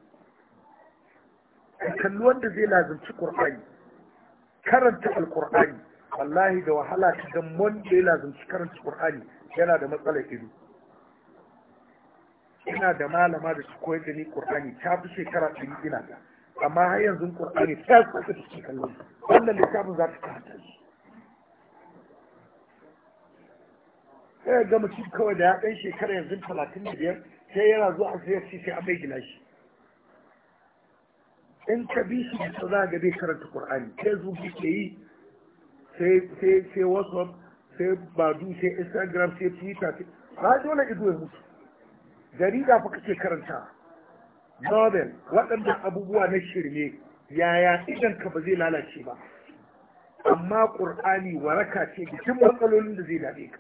ka kalli wanda zai lazimci qur'ani karanta alqur'ani wallahi da wahala ta ga wanda ya lazimci karanta qur'ani yana da matsalar ido ina da malama da su koyar da ni qur'ani ta fi shekara ɗari ina da amma har yanzu qur'ani ta saka da shi kallon wannan littafin za ta karanta shi sai ga mutum kawai da ya ɗan shekara yanzu talatin da biyar sai yana zuwa sai ya ce sai a bai gilashi in ka bi shi da za ga zai karanta Kur'ani, sai yake yi sai sai sai whatsapp sai badu sai instagram sai twitter sai ba dole ido ya mutu jarida fa kake karanta Nobel, waɗannan abubuwa na shirme yaya idan ka ba zai lalace ba amma ƙur'ani waraka ce bikin matsalolin da zai dade ka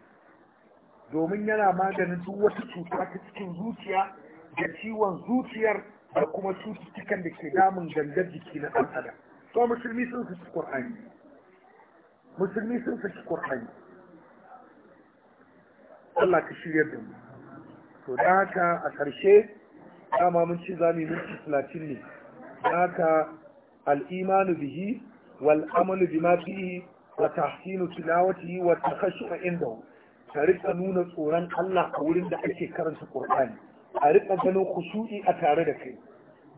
domin yana maganin duk wata cuta ta cikin zuciya da ciwon zuciyar har kuma cututtukan da ke damun gangar jiki na ɗan adam to musulmi sun saki qur'ani musulmi sun saki qur'ani Allah ka shirya da mu to da haka a ƙarshe dama mun ci zamu minti talatin ne haka al'imanu bihi wal amalu bima fihi wa tahsinu tilawatihi wa takhashu indahu ka nuna tsoron Allah a wurin da ake karanta Qur'ani a riƙa ganin khushu'i a tare da kai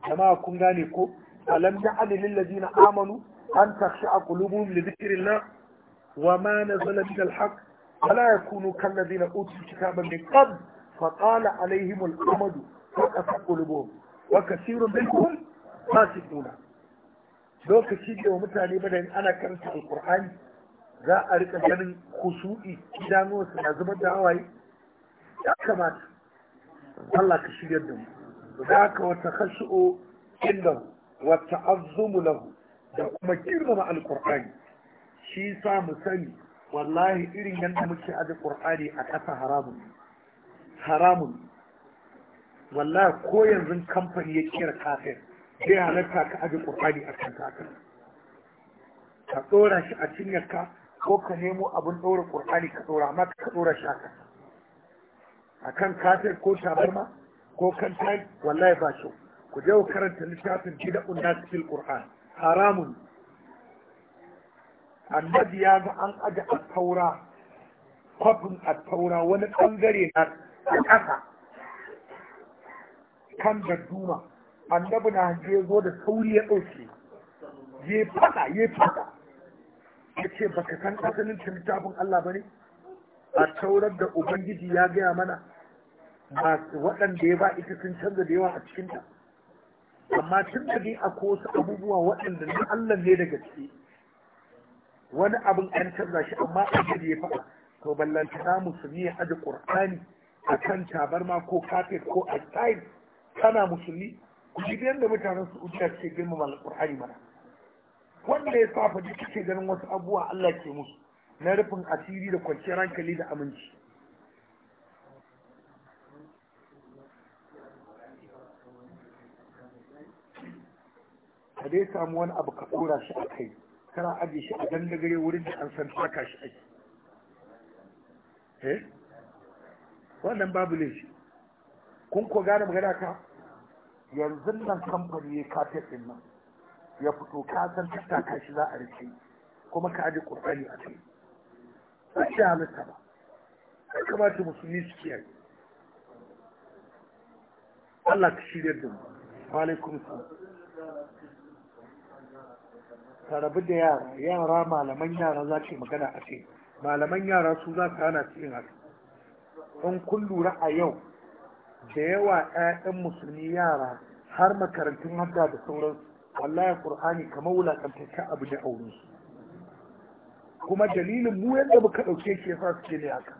jama'a kun gane ko alam ja'al lil na amanu an a kulubun li na. wa ma nazala min al-haqq fala yakunu kal ladina utul kitaba min qabl فطال عليهم الأمد فقفت قلوبهم Ba منهم فاسقون lokaci da mutane ba da ana karanta alkur'ani za a rika ganin kusu'i idanuwarsu na zubar da hawaye ya kamata Allah ka shigar da mu da ka wata khashu'u inda wata azzumu lahu da kuma girmama alkur'ani shi sa mu sani wallahi irin yadda muke aje qur'ani a ƙasa haramun haramun wallahi ko yanzu kamfani ya kira kafin zai halatta ka aje qur'ani a kan kafin ka ɗora shi a cinyarka ko ka nemo abin ɗora qur'ani ka ɗora amma ka ɗora shi a kan akan kafir ko tabarma ko kan tayi wallahi ba shi ku je ku karanta littafin gida unda cikin qur'an haramun annabi ya ga an aje at-taura kwafin at-taura wani bangare na a ƙasa kan duma. annabi na hange zo da sauri ya ɗauke ya fada ya fada ya ce baka san asalin littafin Allah ba ne a taurar da Ubangiji ya gaya mana waɗanda ya ba ita sun canza da yawa a cikinta amma tun da dai akwai wasu abubuwa waɗanda na Allah ne daga ciki wani abin an canza shi amma da ya faɗa to na musulmi ya aji ƙur'ani a kan tabarma ko kafet ko a tsayin kana musulmi ku ji da mutanen su ujiya ce girmama ƙur'ani mana wanda ya safa duk ke ganin wasu abubuwa Allah ke musu na rufin asiri da kwanciyar hankali da aminci ka dai samu wani abu ka ɗora shi a kai kana ajiye shi a dandagare wurin da an san taka shi ake eh wannan babu shi kun ko gane magana ka yanzu nan kamfani ya kafe din nan ya fito ka san tattaka shi za a rike kuma ka aji ƙur'ani a kai ba shi halitta ba ya kamata musulmi su kiyaye Allah ka shirya da mu wa alaikum salam ka da yara yara malaman yara za ce magana a ce malaman yara su za ka hana su haka in kun lura a yau da yawa 'ya'yan musulmi yara har makarantun hadda da sauran wallahi qur'ani kamar wulakantaccen abu da aure kuma dalilin mu yadda muka ɗauke ke yasa suke ne haka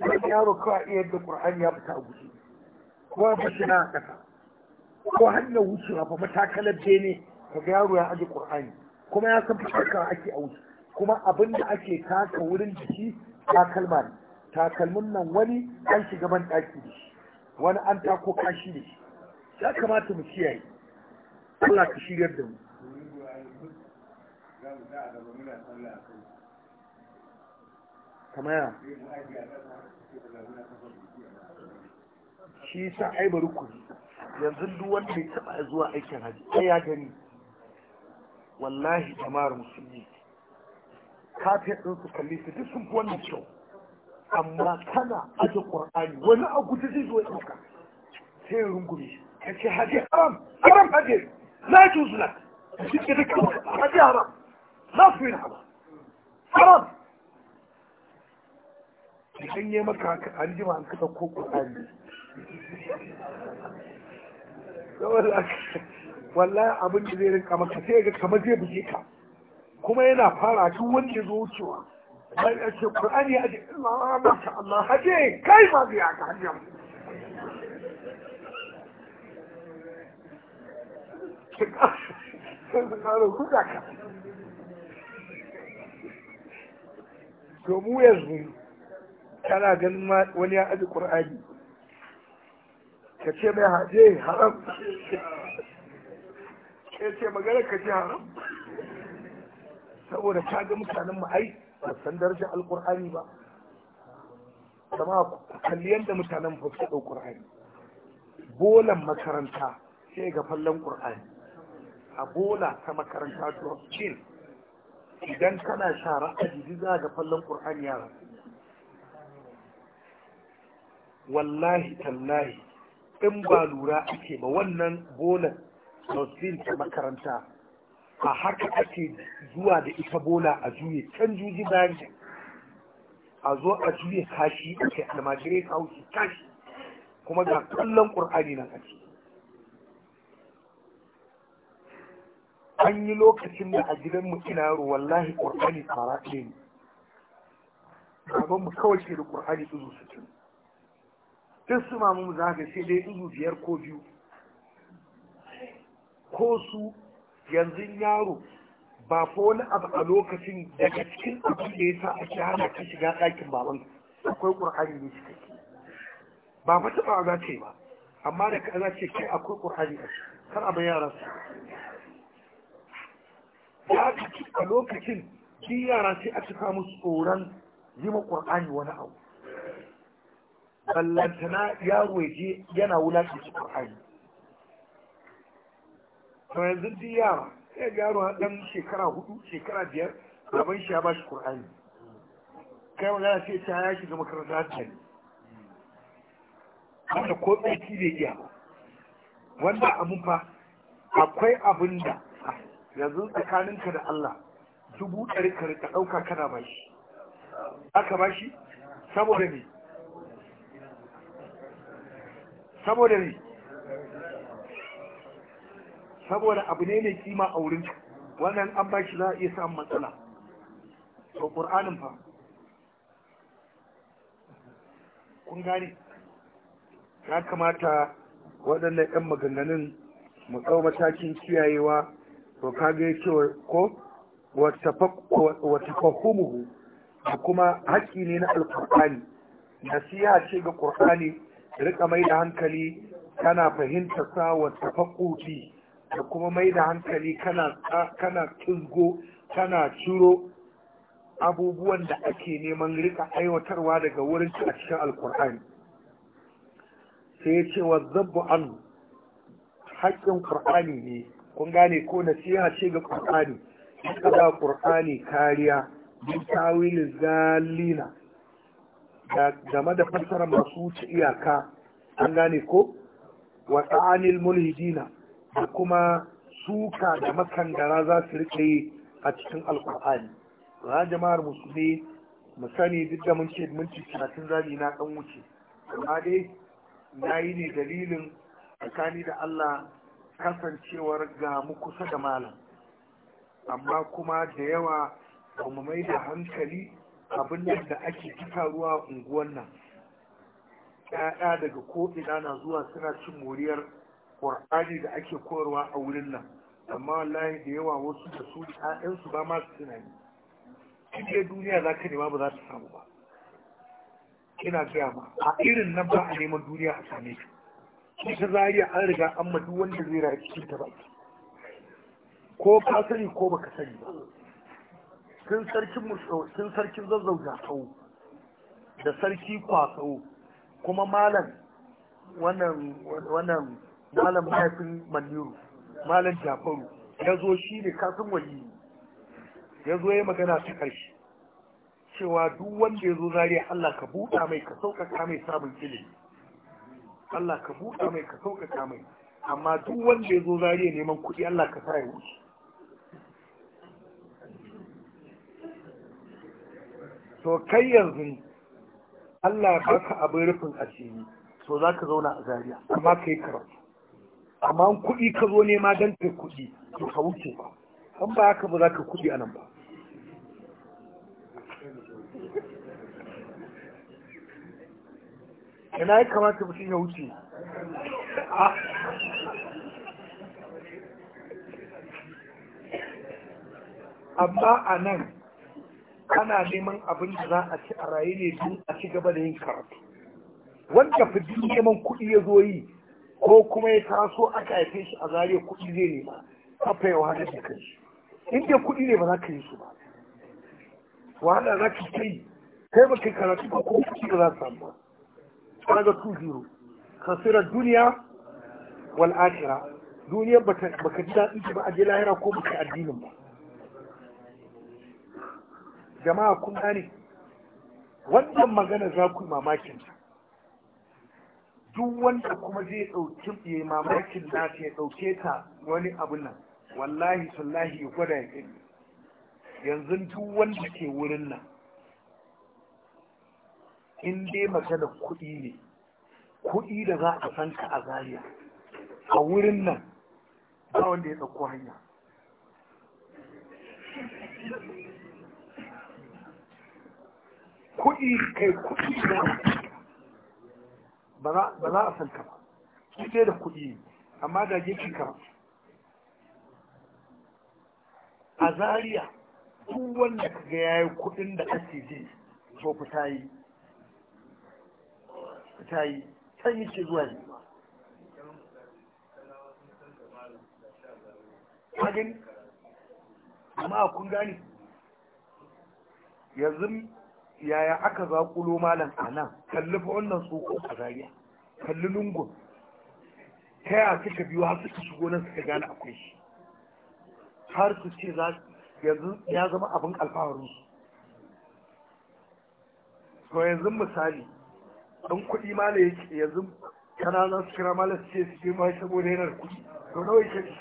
wani yaro kawai iya yadda qur'ani ya fita a guje Kuma ya na a ƙasa ko hanyar wucewa ba matakalar ne ka ga yaro ya aji qur'ani kuma ya san fuskar ake a wuce kuma abin da ake taka wurin jiki kalma ne takalmin nan wani an shiga ban daki da shi wani an tako kashi da shi ya kamata mu kiyaye Allah ka shigar da mu kamar shi sa ai bari yanzu duk wanda ya taba zuwa aikin haji sai ya gani wallahi jama'ar musulmi kafin ɗin su kalli su duk sun fi wannan kyau amma kana aje ƙur'ani wani a guji zai zo ya ɗauka sai ya rungume ka ce haje haram haram haje la juzu lak shi ke duka haje haram la su yi haram haram an yi maka haka an jima an kasa ko ƙur'ani wallahi abin da zai rinka maka sai ga kamar zai buge ka kuma yana fara duk wanda ya zo wucewa bai a ce qur'ani ya ji Allah masha Allah haje kai ma zai ka haje to mu yanzu kana ganin wani ya aji qur'ani ka ce mai haje haram ya ce magana ka ci haram saboda ta ga mutanen mu ai ba san darajar alkur'ani ba sama kalli yadda mutanen ba su qur'ani bolan makaranta sai ga fallon qur'ani a bola ta makaranta to cin idan kana shara a jiji za ga fallon qur'ani yara wallahi tallahi in ba lura ake ba wannan bolan Rosville ta makaranta a haka ake zuwa da ita bola a juye can juji bayan a zo a juye kashi a kai almajirai kawo su kashi kuma ga kallon ƙur'ani nan a ciki an yi lokacin da a gidanmu ina yaro wallahi ƙur'ani a rafe ne mu kawai ke da ƙur'ani su sittin duk su mamu za ka sai dai izu biyar ko biyu ko su yanzu yaro ba fa wani abu a lokacin daga cikin abin da ya sa ake hana ka shiga ɗakin baban akwai ƙur'ani ne cikakke ba fa taɓa za ce ba amma da ka ce kai akwai ƙur'ani a kar a bai yara su ya ka ci a lokacin ji yara sai a cika musu tsoron yi ma ƙur'ani wani abu ballantana yaro ya je yana wulaƙi su ƙur'ani to yanzu duk yara sai yaro a dan shekara hudu shekara biyar gaban shi ya ba shi qur'ani kai magana sai ta ya shiga makaranta ta ne wanda ko tsaki bai iya ba wanda abun fa akwai abin da yanzu tsakaninka da Allah dubu ɗari ka rika ɗauka kana ba shi aka ba shi saboda ne saboda ne saboda abu ne mai kima a wurin wannan an ba shi za a iya samun matsala to ƙur'anin fa kun gane ya kamata waɗannan 'yan maganganun mu tsawo matakin kiyayewa to kaga ya cewa ko wata fahumuhu da kuma haƙƙi ne na alƙur'ani nasiha ce ga ƙur'ani rika mai da hankali kana fahimtar sa wata da kuma mai da hankali kana tsingo kana ciro abubuwan da ake neman rika aiwatarwa daga wurin a cikin alkur'ani sai ya ce wa zabbu an haƙƙin ƙur'ani ne kun gane ko na siya ce ga ƙur'ani ita ba ƙur'ani kariya bin tawilin zalina game da fassara masu wuce iyaka an gane ko wa tsa'anil mulhidina da kuma suka da Makandara za su rike a cikin alkur'ani ba jama'ar musulmi mu sani duk da mun ce minti talatin zabi na dan wuce amma dai na yi ne dalilin tsakani da allah kasancewar ga mu kusa da malam amma kuma da yawa ba mu mai da hankali abin da ake ruwa unguwan nan 'ya'ya daga ko'ina na zuwa suna cin moriyar ƙur'ani da ake koyarwa a wurin nan amma wallahi da yawa wasu da su ƴaƴansu ba ma su tunani in duniya za ka nema ba za ta samu ba ina gaya ma a irin nan ba a neman duniya a same ta ita zariya an riga an ma wanda zai rayu cikin ta baki ko ka sani ko baka sani ba tun sarkin tun sarkin zazzauta tsawo da sarki kwasau kuma malam wannan wannan malam mahaifin maniru malam jafaru ya zo shi ne kasan waliyi ya zo ya magana ta ƙarshe cewa duk wanda ya zo zariya Allah ka buɗa mai ka sauƙaƙa mai samun ilimi Allah ka buɗa mai ka sauƙaƙa mai amma duk wanda ya zo zariya neman kuɗi Allah ka sa ya wuce to kai yanzu Allah ya baka abin rufin asiri to za ka zauna a zariya amma ka yi karatu amma kuɗi ka zo nema don kai kuɗi to ka wuce ba an ba haka ba za ka kuɗi a nan ba ina ya kamata mutum ya wuce amma a nan kana neman abin da za a ci a raye ne don a ci gaba da yin karatu wanda fi neman kuɗi ya zo yi ko kuma ya taso aka haife shi a zariya kuɗi zai nema kafa ya wahala da kai in dai kuɗi ne ba za ka yi su ba wahala za ka kai kai ba kai karatu ba ko kuɗi ba za ka samu ba ga tu zero kasirar duniya wal duniya ba baka ji daɗi ba a je lahira ko baka addinin ba jama'a kun gane wannan magana za ku mamakin ta duk wanda kuma zai ɗauki ya mamakin nata ya ɗauke ta wani abun nan wallahi sallahi ya gwada ya ƙirƙi yanzu duk wanda ke wurin nan in dai magana kuɗi ne kuɗi da za a san ka a zariya a wurin nan ba wanda ya ɗauko hanya kuɗi kai kuɗi na ba za a san ka ba shi da kuɗi amma da gefe ka a zariya duk wanda ka ga yayi kuɗin da ake ji to fita yi fita yi can yake zuwa ne ba. amma kun gani yanzu yaya aka zaƙulo malam a nan kalli fa wannan tsoko a zariya kalli lungun ta yaya suka biyo har suka shigo nan suka gane akwai shi har su ce za yanzu ya zama abin alfaharin su to yanzu misali ɗan kuɗi mala ce yanzu kana za su kira mala su ce su ce ma saboda yana da kuɗi to nawa yake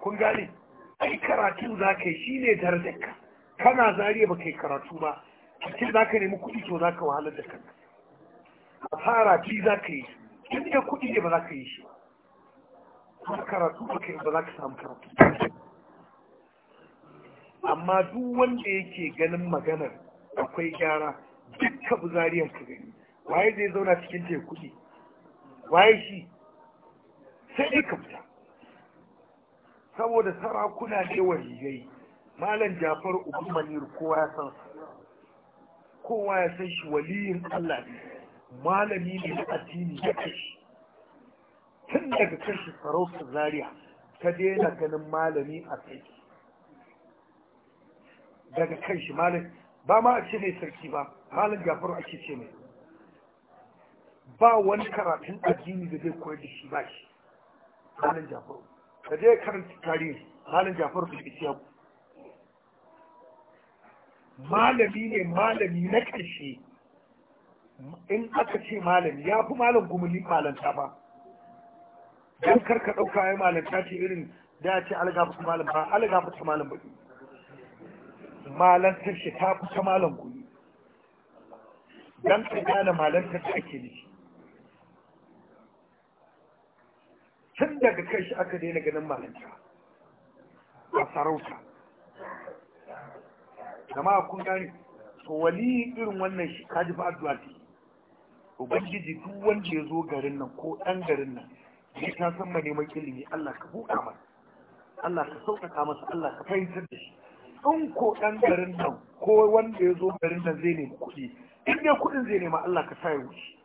kun gane ai karatun za ka yi shi ne darajarka kana zariya ba kai karatu ba cikin za ka nemi kuɗi to za ka wahalar da kanka a fara ci za ka yi in da kuɗi ne ba za ka yi shi ba karatu ba kai ba za ka samu karatu amma duk wanda yake ganin maganar akwai gyara dukkan buzariyan ka gani waye zai zauna cikin teku kuɗi waye shi sai dai ka fita saboda sarakuna ne waliyai malam jafar ubu manir kowa ya san su, kowa ya san shi waliyin allah ne malami ne na addini ya kashi tun daga shi sarautar zaria ta daina ganin malami a kai daga kan shi malam ba ma a ce mai sarki ba malam jafaru ake ce mai ba wani karatun addini da zai koyar da shi ba shi malam jafar da zai karanta tarihi malam jafaru ya ku malami ne malami na ƙarshe in aka ce malami ya fi malam gumuli malanta ba don karka ɗauka ya malanta ce irin da ya ce algafata malam ba ta malam ba malantar shi ta fi ta malam gumi don ka gane malantar ta ake nufi tun daga kai shi aka daina ganin malanta a sarauta jama'a kun gane to wali irin wannan shi kaji fa addu'a ce ubangiji duk wanda ya zo garin nan ko ɗan garin nan ya ta san ma neman ilimi Allah ka buka masa Allah ka sauƙaƙa masa Allah ka fahimtar da shi in ko ɗan garin nan ko wanda ya zo garin nan zai nemi kuɗi in dai kuɗin zai nema Allah ka sa ya wuce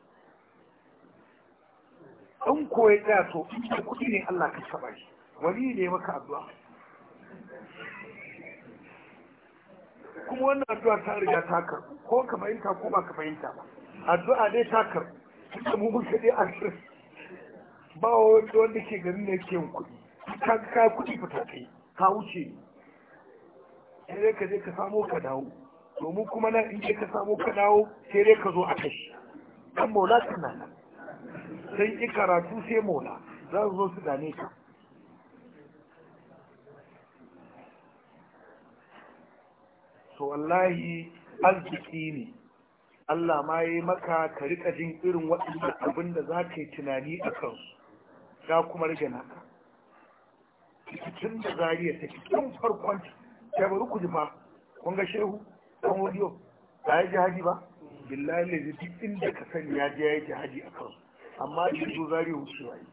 in ko ya tsaya to in kuɗi ne Allah ka saba shi wali ne maka addu'a kuma wannan addu'a ta riga ta kar ko ka fahimta ko ba ka fahimta ba addu'a dai ta kar tunda mu muka a asir ba wanda wanda ke garin ne ke yin kuɗi ka ka kuɗi fita kai ka wuce sai dai ka je ka samo ka dawo domin kuma nan in ka samo ka dawo sai dai ka zo a kashi dan maula tana nan sai in karatu sai maula za su zo su dane ka to wallahi arziki ne Allah ma yi maka ka rika jin irin waɗannan abin da za ka yi tunani a kansu ga kuma rage naka tun da zariya ta cikin farkon ta bari ku ji fa kun ga shehu ɗan wadiyo ba ya ji haji ba billahi lazi duk inda ka sani ya je ya yi jihadi a kansu amma da zo zariya wucewa yi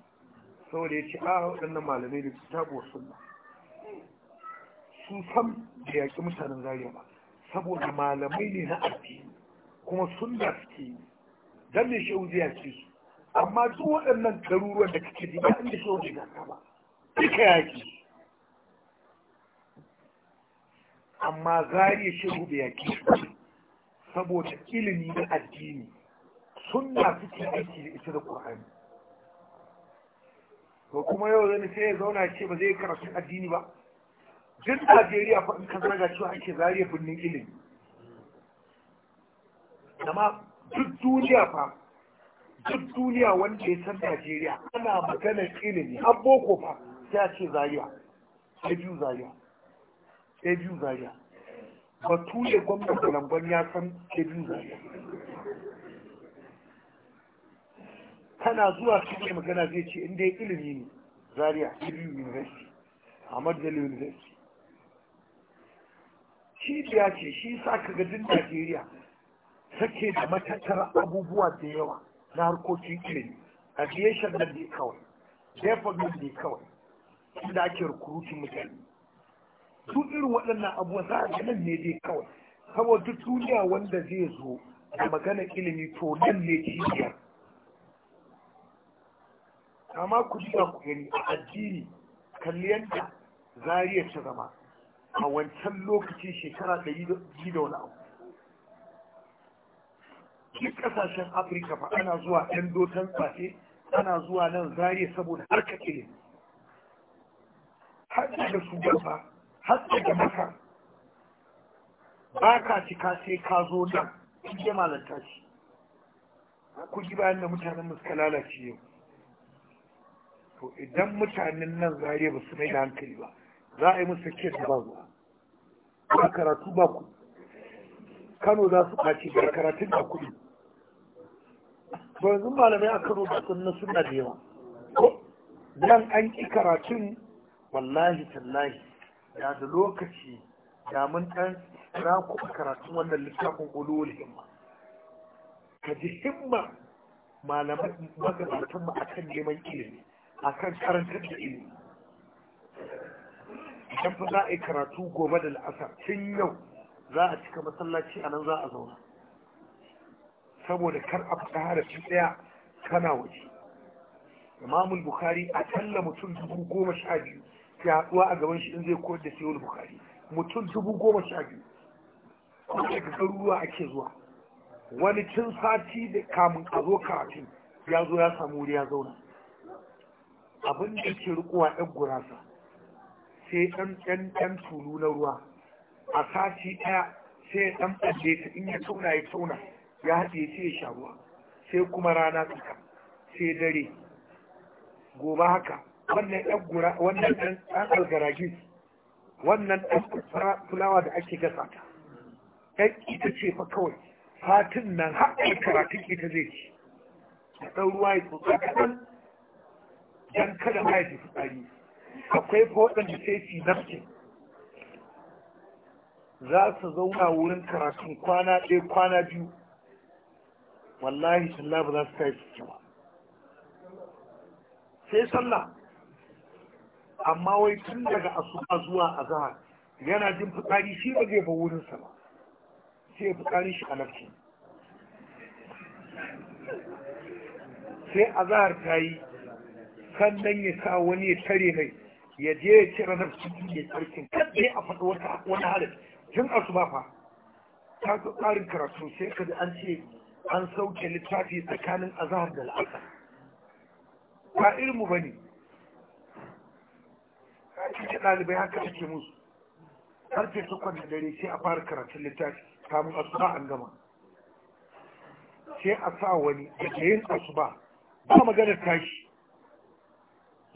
saboda ya ce a ah, waɗannan malamai da su tabo sunna su san da yaƙi mutanen zariya ba saboda malamai ne na addini kuma sunna suke dan ne shehu zai ce su amma duk waɗannan garuruwan da kake ji ba inda shehu zai gaka ba duka yaki amma zariya shehu bai yaki saboda ilimi na addini sunna suke aiki da ita da ƙur'ani. to kuma yau zan sai ya zauna ya ce ba zai karatu addini ba duk Najeriya fa in ka zaga cewa ake zariya birnin ilimi amma duk duniya fa duk duniya wanda ya san Najeriya ana maganar ilimi har boko fa sai a ce zariya sai biyu zariya sai biyu zariya bature gwamnati lambon ya san sai biyu zariya tana zuwa cikin magana zai ce inda ya ilimi ne zariya sai biyu university Ahmad Bello University cibiya ce shi sa ka ga duk Najeriya sake da matakar abubuwa da yawa na harkokin ilimi aviation na ne kawai development ne kawai inda ake rukurutun mutane su irin waɗannan abubuwa za a ganin ne dai kawai saboda duniya wanda zai zo da magana ilimi to nan ne cibiyar amma ku ji ku gani a addini kalliyanta, zariya ta zama a wancan lokaci shekara yi da wani abu duk ƙasashen afirka fa ana zuwa ɗan dotan tsafe ana zuwa nan zariya saboda harka ilimi har da su gaba har da maka ba ka cika sai ka zo nan in je malanta shi ku ji bayan da mutanen muska lalace yau to idan mutanen nan zariya ba su mai da hankali ba za a yi musu kit da ba zuwa ba karatu ba ku kano za su ɓaci ga karatun da kuɗi to yanzu malamai a kano da sun na suna da yawa nan an ƙi karatun wallahi tallahi ya da lokaci da mun ɗan ra kuma karatun wannan littafin ulul himma ka ji himma malamai magabatan a kan neman ilimi a kan karantar da ilimi idan fa za a yi karatu gobe da la'asar tun yau za a cika masallaci a nan za a zauna saboda kar a faɗa harafi ɗaya kana waje imamul bukhari a talla mutum dubu goma sha biyu ya haɗuwa a gaban shi in zai koyar da sayowar bukhari mutum dubu goma sha biyu kuma daga garuruwa ake zuwa wani tun sati da kamun a zo karatun ya zo ya samu wuri ya zauna abin da ke rikuwa ɗan gurasa sai ɗan ɗan ɗan tulu na ruwa a sati ɗaya sai ɗan ɓalle ta in ya tauna ya tauna ya haɗe sai ya sha ruwa sai kuma rana tsaka sai dare gobe haka wannan ɗan gura wannan ɗan wannan ɗan fulawa da ake gasa ta ɗan ita ce fa kawai fatin nan haɗin karatun ita zai ci A ɗan ruwa ya tsotsa kaɗan ɗan kada ma ya ji fitsari akwai waɗanda sai su nafke za su zauna wurin karatun kwana ɗaya kwana biyu wallahi sallah ba za su kai su ba sai sallah amma wai tun daga asuba zuwa a azhar yana jin fitari shi ba zai ba wurinsa ba sai ya fitsari shi a nafke sai zahar ta yi sannan ya sa wani ya tare mai ya je ya cire nafsin ya tsarkin kadai a faɗi wata wani halin tun asuba fa ta zo tsarin karatu sai ka an ce an sauke littafi tsakanin azahar da la'asa ba mu ba ne cikin ɗalibai haka ake musu karfe takwas da dare sai a fara karatun littafi kamun asuba an gama sai a sa wani da yin asuba ba maganar tashi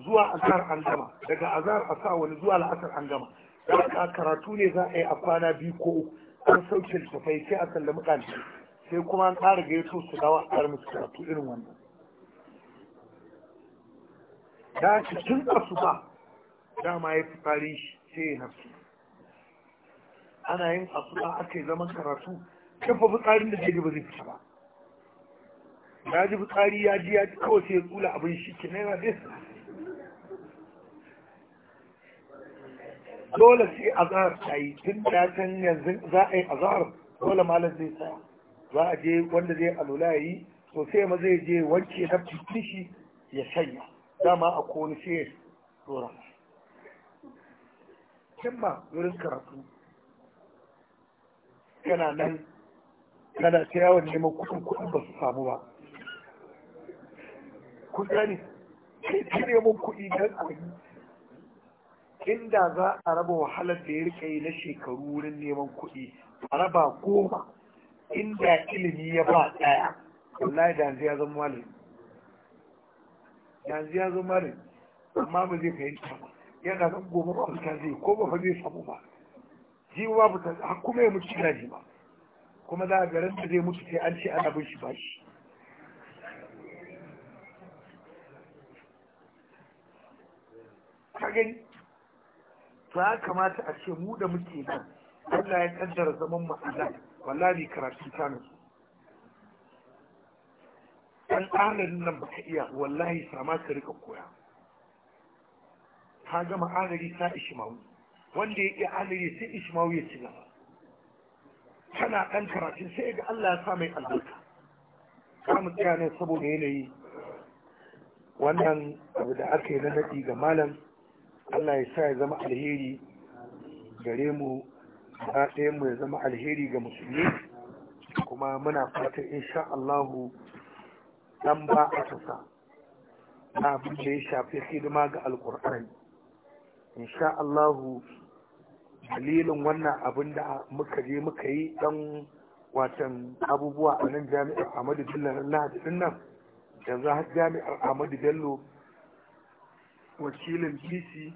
zuwa azhar an gama daga azar a sa wani zuwa la'asar an gama da karatu ne za a yi a kwana biyu ko uku an sauke littafai sai a sallami ɗalibai sai kuma an ƙara gaito su dawa a ƙarmi karatu irin wannan da shi tun ba, dama ya fi fari shi sai ya nafsu ana yin ba aka yi zaman karatu kafa fitsarin da jirgin ba zai fita ba ya ji fitsari ya ji ya ji kawai sai ya tsula abin shi ke naira ɗaya dole sai zahar ta yi tun da san yanzu za a yi zahar dole malam zai sa za a je wanda zai alula ya yi to sai ma zai je wanke na fitishi ya sanya dama a kone sai ya tsora ba wurin karatu kana nan kana ta yawon neman kuɗin kuɗin ba su samu ba kun gani kai ta neman kuɗi don a yi inda za a raba wahalar da ya rike yi na shekaru wurin neman kuɗi a raba goma inda ilimi ya ba ɗaya wallahi yanzu ya zama malami yanzu ya zama malami amma ba zai fahimta ba yana nan goma ba fita zai ko ba zai samu ba jiwa ba fita har kuma ya mutu ji ba, kuma za a garin da zai mutu sai an ce ana bin shi ba shi kagani to ya kamata a ce mu da muke nan Allah ya kaddara zaman mu a nan wallahi karatu ta nan dan ahalin nan ba ka iya wallahi sama ka rika koya ta gama ahalari ta ishmawu wanda ya iya ahalari sai ishmawu ya ci gaba tana ɗan karatu, sai ga Allah ya sa mai albarka za mu tsaya ne saboda yanayi wannan abu da aka yi na naɗi ga malam Allah ya sa ya zama alheri gare mu da ɗaya mu ya zama alheri ga musulmi kuma muna fatan insha ɗan dan ba a tasa na abin da ya shafi hidima ga alƙur'ani insha Allah dalilin wannan abin da muka je muka yi dan watan abubuwa a nan jami'ar Ahmadu Bello na hadisin nan yanzu har jami'ar Ahmadu Bello wakilin bc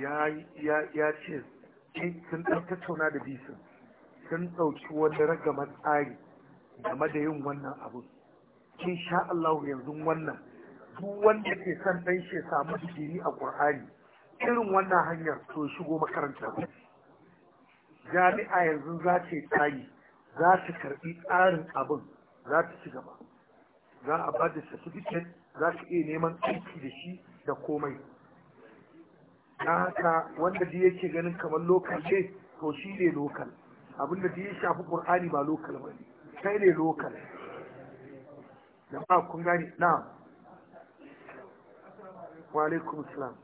ya ce eh, sun ɗan tattauna da bc sun ɗauki wani ragamar tsari game da yin wannan abu Kin sha Allah yanzu wannan duk wanda ke son ɗan shi samu digiri a ƙur'ani irin wannan hanyar to shigo makaranta jami'a yanzu za ta yi tsari za ta karɓi tsarin abin za ta ci gaba za a ba da certificate za ka iya neman aiki da shi da komai na haka wanda da yake ganin kamar lokal ne to shi ne lokal abinda da ya shafi ƙur'ani ba lokal ba kai ne lokal da ba kun gani na wa alaikum salam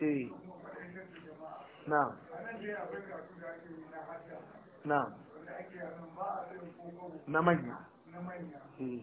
eh na na na manya na manya eh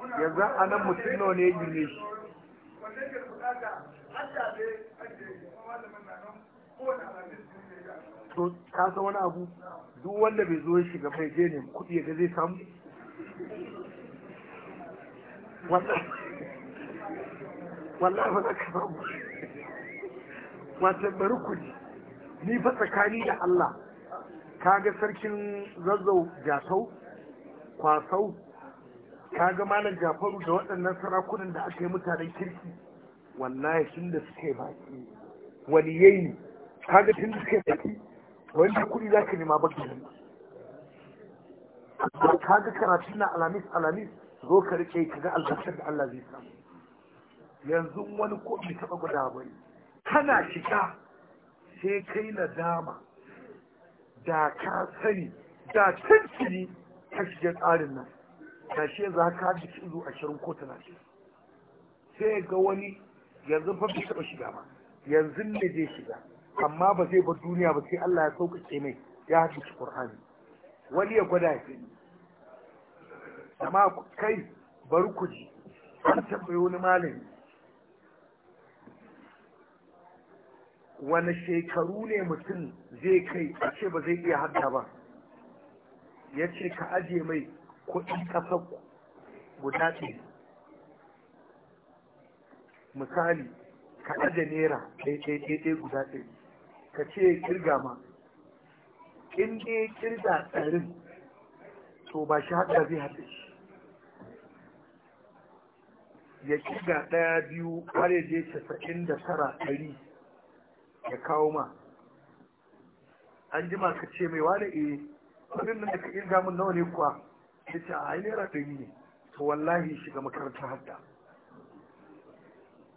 yanzu a nan mutum nawa ne ya girme shi to ka san wani abu duk wanda bai zo shiga mai je ne kuɗi ya zai samu wallahi ba za ka samu wata bari kuɗi? ni fa tsakani da Allah ka ga sarkin zazzau jatau kwasau ga malam jafaru da waɗannan sarakunan da aka yi mutanen kirki wallahi tun da suke baki yayi ne ga tun da suke baki wanda kuɗi za ka nema baki Ka ga karatun na alamis alamis zo ka rike ka ga albarkar da Allah zai samu yanzu wani ko bai taɓa guda ba kana shiga sai kai na dama. da ka sani da tantini ka shiga tsarin nan za ka haka hajji ci izu ashirin ko shi? sai ga wani yanzu fa bai shiga ba yanzu ne zai shiga amma ba zai bar duniya ba sai Allah ya sauƙaƙe mai ya hajji ci Qur'ani wani ya gwada ya amma kai bari ku ji an tambayi wani malami wani shekaru ne mutum zai kai a ce ba zai iya hadda ba ya ce ka ajiye mai kuɗin ƙasar guda ce misali ka aje naira ɗaiɗaiɗaiɗai guda ɗaya ka ce kirga ma in dai kirga ɗarin to ba shi haɗa zai haɗe shi ya kirga ɗaya biyu har je casa'in da tara ɗari ya kawo ma an jima ka ce mai wane eh abin nan da ka kirga min nawa ne kuwa ya ce a naira ɗari ne to wallahi shiga makarantar hadda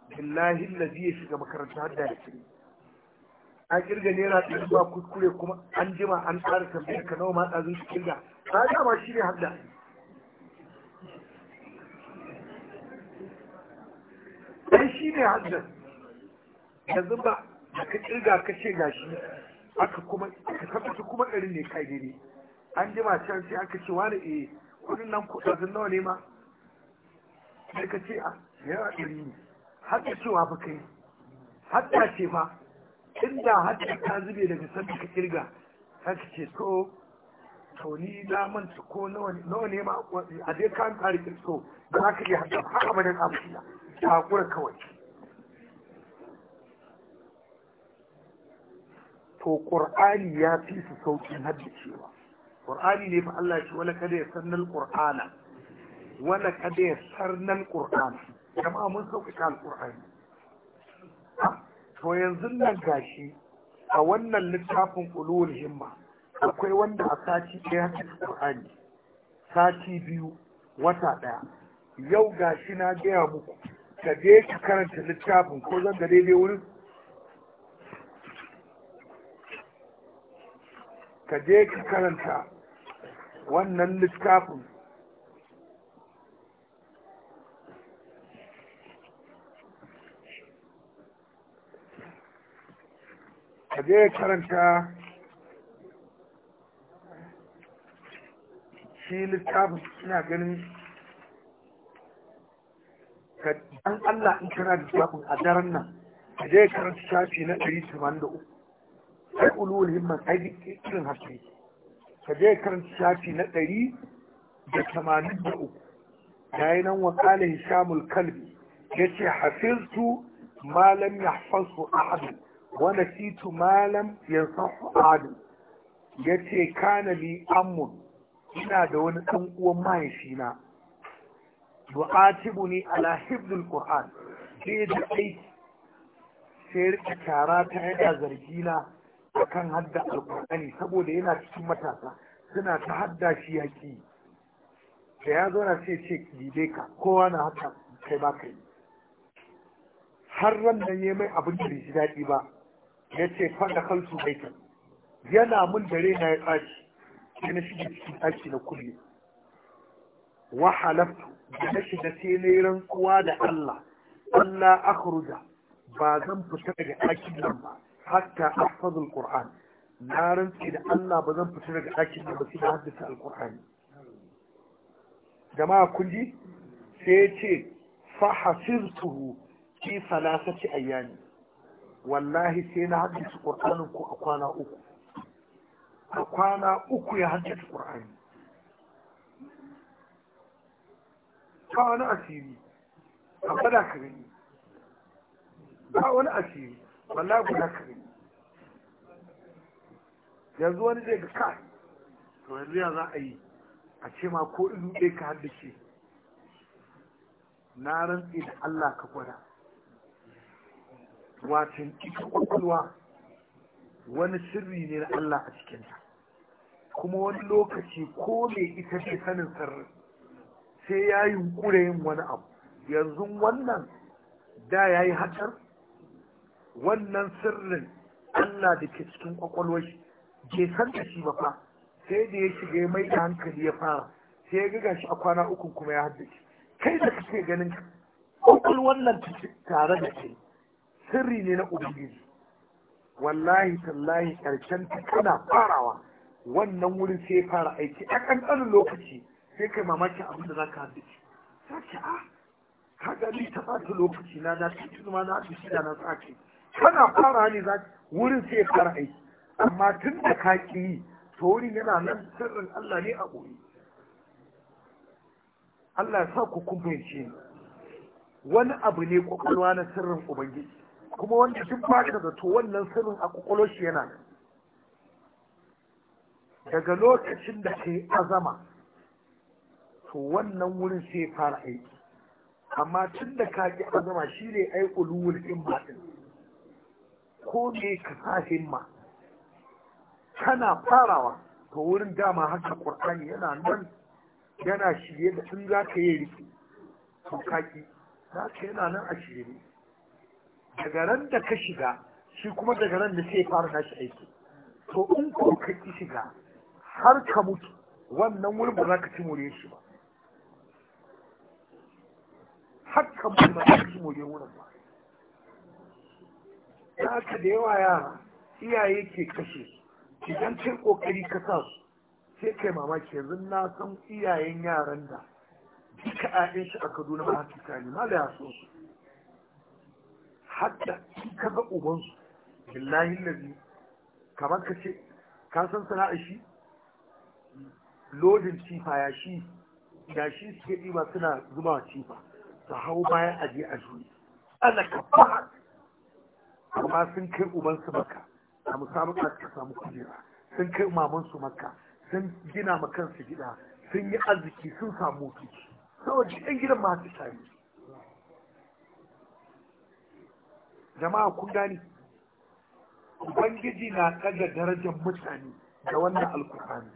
billahi lazi ya shiga makarantar hadda da kiri a kirga naira ɗari ba kuskure kuma an jima an tsara tambayar ka nawa matsa zai shi kirga ta dama shi ne hadda dan shi ne hadda yanzu ba ka kirga ka ce gashi aka kuma ka tabbata kuma ɗari ne kai daidai an jima can sai aka ce wani eh kudin nan kudin nawa ne ma sai ka ce ah, a yawa ɗari ne har da cewa fa kai har da ce fa inda har da ta zube daga sanda ka kirga sai ka ce to to ni na manta ko nawa ne ma a dai ka kare kirso da za ka haka hada nan abu amfila ta kura kawai to ƙur'ani ya fi su sauƙin cewa. qur'ani ne fa Allah shi wala kada ya sannal qur'ana wala kada ya sarnal qur'ana jama'a mun sauƙaƙa alqur'ani to yanzu nan gashi a wannan littafin ulul himma akwai wanda a sati ɗaya haka ta qur'ani sati biyu wata ɗaya yau gashi na gaya muku ka je ka karanta littafin ko zan ga daidai wurin ka je ka karanta wannan littafin a je karanta shi littafin suna ganin ka dan Allah in kana da littafin a daren nan a je karanta shafi na 183 sai ulul himman aiki irin haske ka je karanta shafi na ɗari da tamanin da uku yi nan wa kala hishamul kalbi yace hafiztu ma lam yahfazu ahad wa nasitu ma lam yansahu ahad yace kana li ammun ina da wani ɗan uwan mahaifina ne ala hibdul qur'an sai da aiki sai rika tara ta yana zargina akan hadda alkur'ani saboda yana cikin matasa suna ta hadda shi yaƙi da ya zo na ce ce gide ka kowa na haka kai ba kai har ran nan ya mai abin da ji daɗi ba ya ce fada kansu ta yana mun dare na ya tsaki sai na shiga cikin tsaki na kulle wa da na shiga sai na yi rantsuwa da Allah Allah akhruja ba zan fita daga ɗakin nan ba hatta ahfazu alquran na rantsi da Allah ba zan fita daga ɗakin da ba sai na haddasa alqurani jama'a kun ji sai ya ce fa hasirtuhu fi salasati ayyami wallahi sai na haddasa qur'anin ku a kwana uku a kwana uku ya haddasa qur'ani ba wani asiri a bada ka gani ba wani asiri wallahi guda yanzu wani zai ga ka to yanzu ya za a yi a ce ma ko ilu ɗe ka haddace na rantsi da Allah ka gwada wacin ita kwakwalwa wani sirri ne na Allah a cikinta kuma wani lokaci ko mai ita ce sanin sirri sai ya yi yin wani abu yanzu wannan da ya yi hatar wannan sirrin Allah da ke cikin kwakwalwar shi ke san da shi ba fa sai da ya shiga ya mai hankali ya fara sai ya ga shi a kwana uku kuma ya haddace kai da kake ganin kwakwalwar nan tare da kai sirri ne na ubangiji wallahi tallahi karshen ta kana farawa wannan wurin sai fara aiki a ƙanƙanin lokaci sai kai mamaki abin da za ka haddace ta ce ah, a ga gani ta ɓata lokaci na na ta zuma na haddace da na tsaki tana fara ne za wurin sai ya fara aiki amma tun da ka ki yi to wurin yana nan sirrin Allah ne a goyi Allah ya sa ku kumfance ni wani abu ne kwakwalwa na sirrin ubangiji kuma wanda duk baka da to wannan sirrin a ƙwaƙwalwa shi yana daga lokacin da ke azama to wannan wurin sai fara aiki amma tun da ka ki azama shi ne aiki uluwul in baɗin ko ne ka sa himma kana farawa to wurin dama haka qur'ani yana nan yana shirye da in za ka yi riki to kaki za ka yana nan a shirye daga ran da ka shiga shi kuma daga ran da sai fara nashi aiki to in ko ka ki shiga har ka mutu wannan wurin ba za ka ci more shi ba har ka mutu ba za ka ci more wurin ba da da yawa yara iyaye ke kashe idan cin kokari ka sa su sai kai mamaki yanzu na san iyayen yaran da duka ayan shi a kaduna ba haka tani ma da so su hatta ka ga ubansu billahi lazi kamar ka ce ka san sana'a shi lodin cifa ya shi da shi suke ɗiba suna zuba cifa su hau bayan ajiye a juyi ana ka fahar ma sun kai ubansu makka a musamman musabaka suka samu kujera sun kai mamansu makka sun gina ma kansu gida sun yi arziki sun samu kici saboda yan gidan ma su tare jama'a kun gani ubangiji na kada darajar mutane da wannan alkur'ani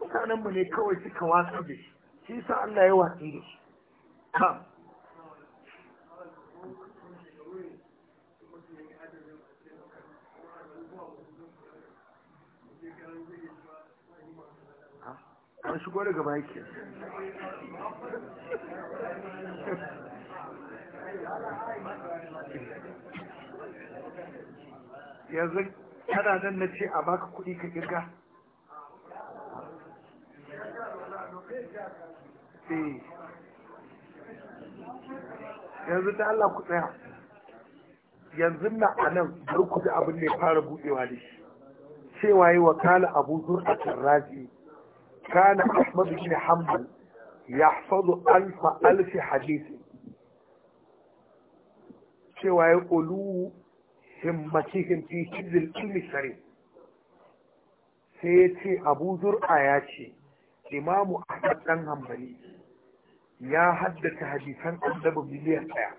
mutanenmu ne kawai suka wasa da shi shi sa Allah ya watsi da shi an shigo daga baki yanzu kana nan na ce a baka kuɗi ka kirga eh. yanzu ta Allah ku tsaya yanzu na a nan har kudi abin da ya fara buɗewa da shi cewa yi wa kala abu zuwa a tarrazi كان Ahmadu بن حنبل يحفظ alfa ألف حديث cewa ya ƙulu himmatihim fi hizil ilmi shari sai ya ce abu zur'a ya ce imamu ahmad ɗan hambali ya haddace hadisan annabi miliyan ɗaya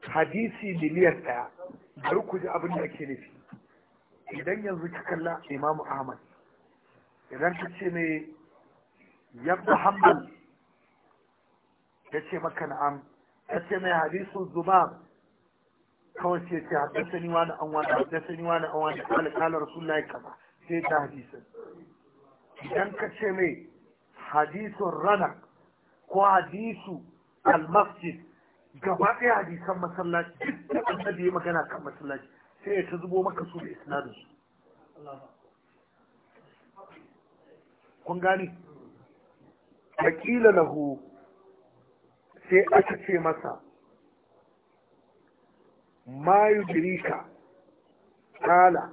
hadisi miliyan ɗaya bari ku ji abin da ake nufi idan yanzu ki kalla imamu ahmad idan ka ce ne yadda hanbal ya ce maka na'am ya ce mai hadisu zubab kawai ce ce haddasani wani an wani haddasani wani an wani kala kala rasulullahi kaza sai ta hadisin idan ka ce mai hadisun rana ko hadisu al-masjid gaba ɗaya hadisan masallaci duk da annabi magana kan masallaci sai ya ta zubo maka su da isnadin su kun gane wakila lahu sai aka ce masa ma yudrika kala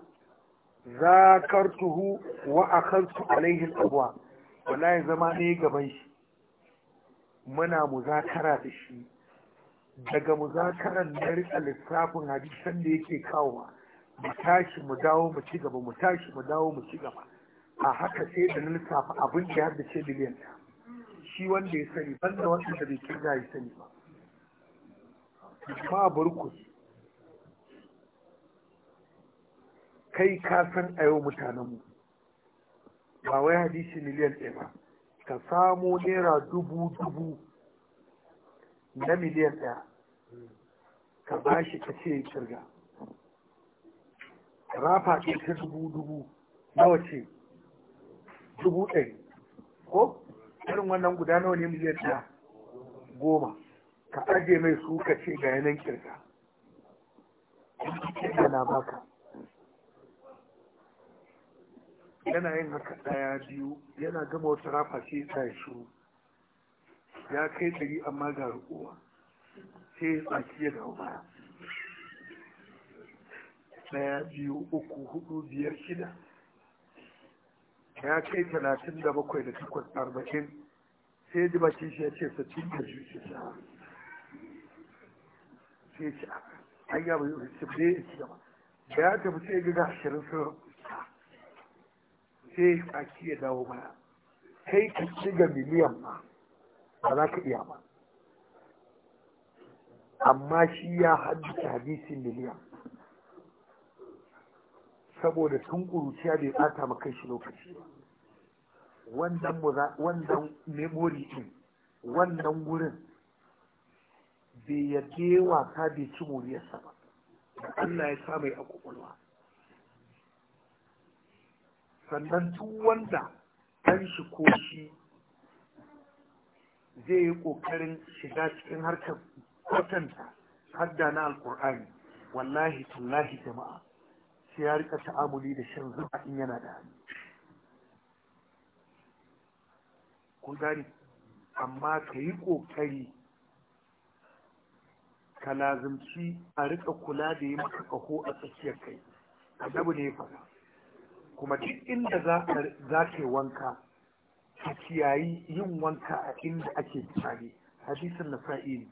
zakartuhu wa kansu alaihin al wallahi zama ne gaban shi muna muzakara da shi daga muzakaran na rika lissafin hadisan da yake kawowa mu tashi mu dawo mu ci gaba mu tashi mu dawo mu ci gaba a haka sai da lissafa abin da ya ce biliyan shi wanda ya sani da wanda da bai ga ya sani ba ma kai ka san a yau mutanenmu ba wai hadisi miliyan ɗaya ba ka samo naira dubu dubu na miliyan ɗaya ka ba shi ka ce kirga rafa ɗin ta dubu dubu nawa ce dubu ɗari ko irin wannan guda nawa ne miliyan ɗaya goma ka ajiye mai su ka ce ga yanan kirga yana baka yana yin haka ɗaya biyu yana gama wata rafa ce ya shuru ya kai ɗari amma ga rukuwa sai tsaki ya dawo baya daya biyu uku hudu biyar shida ya kai talatin da bakwai da takwas arba'in sai ji bakin shi ya ce sassin da shi sa sai ce an yaba yi wasu da ya ci gaba da ya tafi sai gina ashirin sun sai tsaki ya dawo baya kai ka ci ga miliyan ma ba za ka iya ba amma shi ya haddace hadisi miliyan saboda tun ƙuruciya bai tsata ma kai shi lokaci wannan memori ɗin wannan wurin bai yadda ya wasa bai ci muriyarsa ba da Allah ya sa mai a sannan tun wanda ɗan shi ko shi zai yi ƙoƙarin shiga cikin harkar kwatanta hadda na alkur'ani wallahi tallahi jama'a sai ya rika ta'amuli da shan zuba in yana da hannu kun gani amma ka yi ƙoƙari ka lazimci a rika kula da yi maka kaho a tsakiyar kai adabu ne fada kuma duk inda za ka yi wanka ka kiyayi yin wanka a inda ake tsari hadisin nasa'i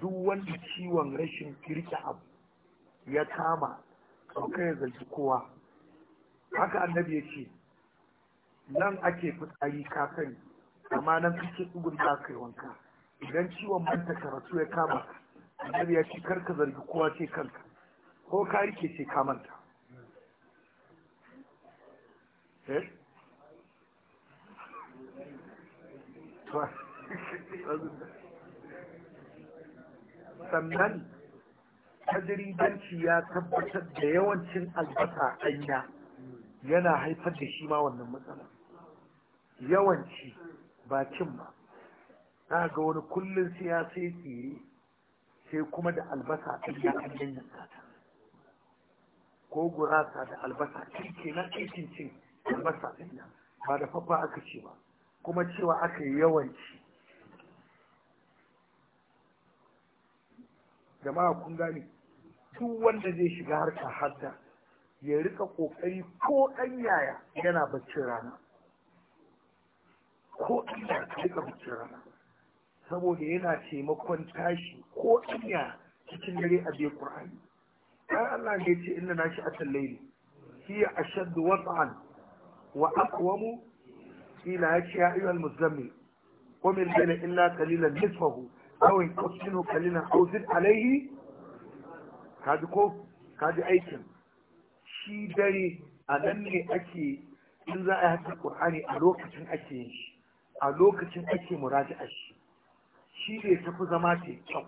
duk wanda ciwon rashin kirki abu ya kama sauka ya zargi kowa haka annabi ya ce nan ake fitsari ka sani amma nan kake tsugun da kai wanka idan ciwon manta karatu ya kama annabi ya ce karka zargi kowa ce kanka ko ka rike ce ka manta eh? <laughs> Thank sannan tajiribanci ya tabbatar da yawancin albasa ɗanya yana haifar da shi ma wannan matsala yawanci ba cin ba za ga wani kullum sai ya sai tsere sai kuma da albasa ɗanya an yanyata tata ko gurasa da albasa ɗanke na aikin cin albasa ɗanya ba da fafa aka ce ba kuma cewa aka yi yawanci jama'a kun gane duk wanda zai shiga harkar hadda ya rika kokari ko dan yaya yana baccin rana ko dan yaya ka rika baccin rana saboda yana taimakon tashi ko dan yaya cikin dare a bai qur'ani ai Allah ne ce inna nashi atal layli hiya ashaddu wat'an wa aqwamu ila ya ayyuhal muzammil qum al-layla illa qalilan nisfahu kawai kusinu kalilan hauzin alaihi kaji ko kaji aikin shi dare a nan ne ake in za a yi hatar ƙur'ani a lokacin ake yin shi a lokacin ake muraji a shi shi ne tafi zama ce kyau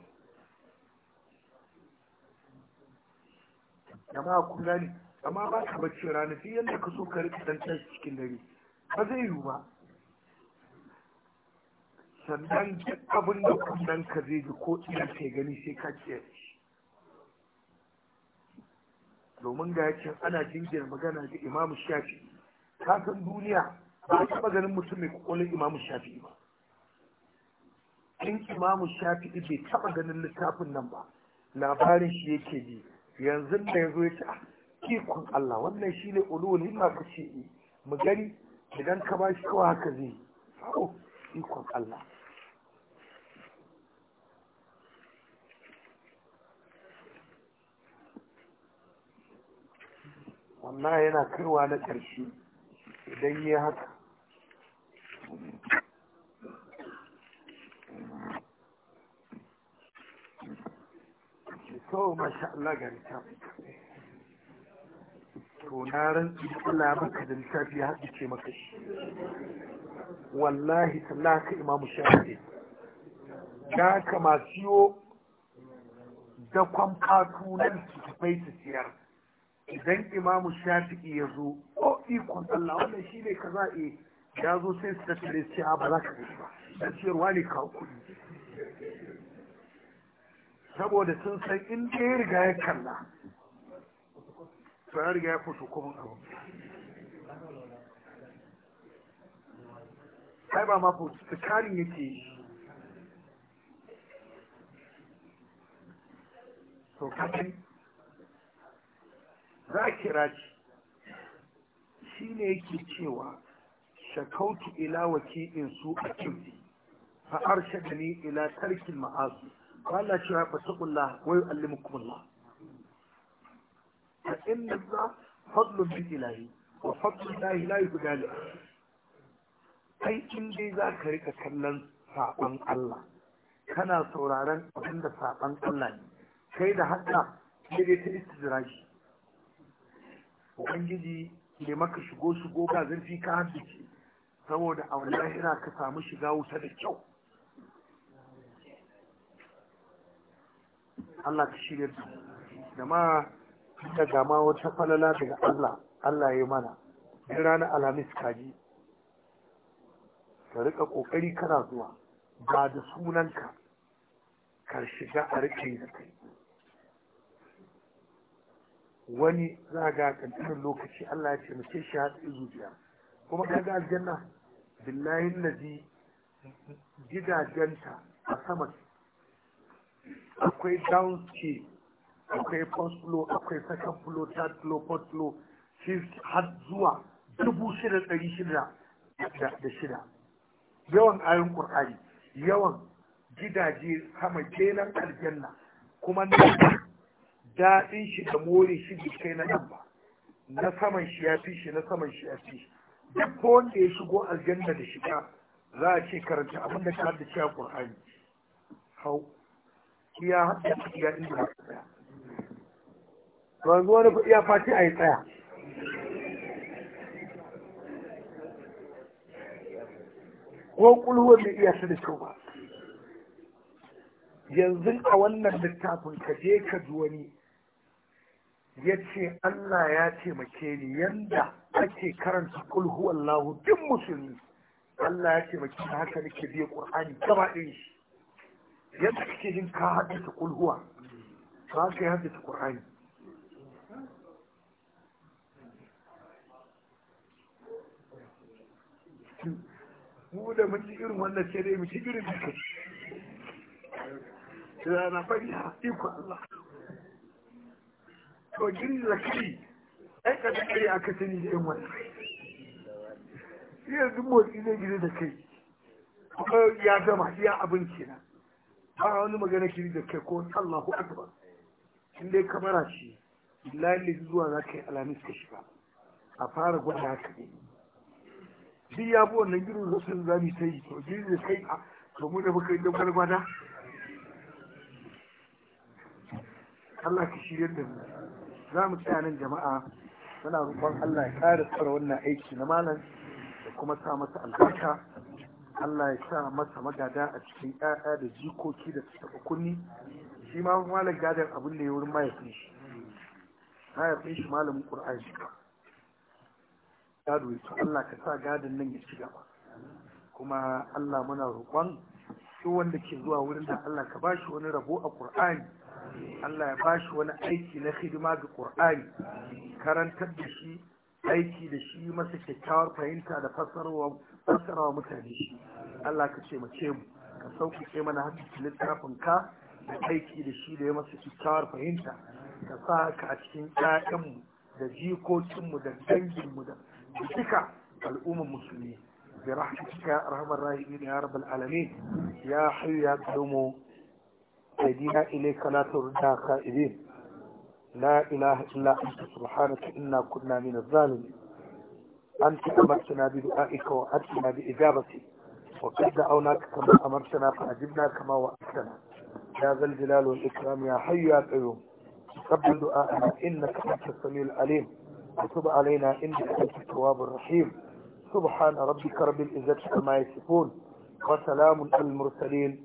jama'a kun gani amma ba ka bacci rana sai yadda ka so ka rika dan cikin dare ba zai yiwu ba sannan duk abin da kullum ka zai ji ko ina ke gani sai ka ce domin ga yakin ana jingina magana da imamu shafi ka san duniya ba a taɓa ganin mutum mai kwakwalin imamu shafi ba in imamu shafi bai taɓa ganin littafin nan ba labarin shi yake ji yanzu da ya zo ya ce ah, ikon Allah wannan shi ne ulul himma ka ce eh, mu gani idan ka ba shi kawai haka zai yi ikon Allah wallahi yana kaiwa na ƙarshe idan ya haka kawai masha Allah ga littafi to na rantsi Allah maka da littafi ya haɗu ce maka shi wallahi tallah ka imamu shafi ya kama siyo da kwamfatu na littattafai su siyar idan imamu shafi'i ya zo o ikon Allah wannan shi ne kaza e ya zo sai su tattare su ba za ka ba da ciyarwa ne kawo kuɗi saboda sun san in ɗaya riga ya kalla to ya riga ya fito kuma abu kai ba ma fito tsakanin yake yi to za a kira shi shi ne yake cewa shakautu ila in su a kimfi fa’ar shagani ila tarkin ma'asu wala cewa fa taqullah wa yu'allimukumullah fa inna za fadlun bin ilahi wa fadlun ilahi guda ne. kai in dai za ka rika kallon saɓon Allah kana sauraron abinda saɓon Allah ne kai da haɗa ne dai ta istijraji ubangiji ne maka shigo shigo ba zurfi ka haddace saboda a wani lahira ka samu shiga wuta da kyau Allah ka shirya da jama'a da gama wata falala daga Allah Allah ya mana ya ranar alhamis kaji ka rika kokari kana zuwa ba da sunanka ka shiga a rike da kai wani za ga kankanin lokaci Allah ya ce mace shi tsaye zuciya kuma ka ga aljanna billahi lazi gidajenta a sama akwai down ce akwai first floor akwai second floor third floor fourth floor fifth har zuwa dubu shida ɗari shida da shida yawan ayon ƙur'ani yawan gidaje sama kenan aljanna kuma ne daɗin shi da more shi da kai na nan ba na saman shi ya fi shi na saman shi ya fi shi duk wanda ya shigo aljanna da shiga za a ce karanta abin da kar da cewa Qur'ani hau iya haddace iya inda ba tsaya yanzu wani iya fati a yi tsaya ko kulhuwar da iya su da kyau ba yanzu a wannan littafin ka je ka ji wani ya ce Allah ya taimake ni yanda ake karanta kulhu Allahu duk musulmi Allah ya taimake ni haka nake biya Qur'ani gaba ɗin shi yadda kake jin ka haddasa kulhuwa ba ka yi haddasa Qur'ani mu da mun ji irin wannan sai dai mu ci irin da kai na haɗe iko Allah to da kai ai ka da kai aka sani da yan wani shi yanzu motsi zai gida da kai kuma ya zama ya abin kenan ba wani magana kiri da kai ko sallahu akbar in dai kamara ce lalle zuwa za ka yi alamis ka shiga a fara gwada haka ne duk ya bi wannan girin rasu zami sai to girin da kai a to mu da muka yi daukar gwada Allah ka shirya da mu za mu tsaya nan jama'a muna roƙon Allah ya kare tsara wannan aiki na malam da kuma sa masa albarka Allah ya sa masa magada a cikin ƴaƴa da jikoki da su taɓa kunni shi ma malam gadar abin da ya wurin mahaifin shi mahaifin shi malamin ƙur'ani shi gado ya Allah ka sa gadon nan ya ci gaba kuma Allah muna roƙon duk wanda ke zuwa wurin da Allah ka bashi wani rabo a ƙur'ani. Allah ya bashi wani aiki na hidima ga ƙur'ani karantar da shi aiki da shi masa kyakkyawar fahimta da fassarawa mutane shi Allah ka ce mace mu ka sauƙaƙe mana hadisi littafin ka da aiki da shi da ya masa kyakkyawar fahimta ka sa ka a cikin ƴaƴanmu da jikokinmu da danginmu da duka al'ummar musulmi برحمتك يا ارحم الراحمين يا رب العالمين يا حي يا قيوم أيدينا إليك لا تردنا خائبين لا إله إلا أنت سبحانك إنا كنا من الظالمين أنت أمرتنا بدعائك وأتنا بإجابتك وقد دعوناك كما أمرتنا فأجبنا كما وأتنا يا ذا الجلال والإكرام يا حي يا قيوم تقبل دعائنا إنك أنت السميع العليم وتب علينا إنك أنت التواب الرحيم سبحان ربك رب العزة عما يصفون وسلام على المرسلين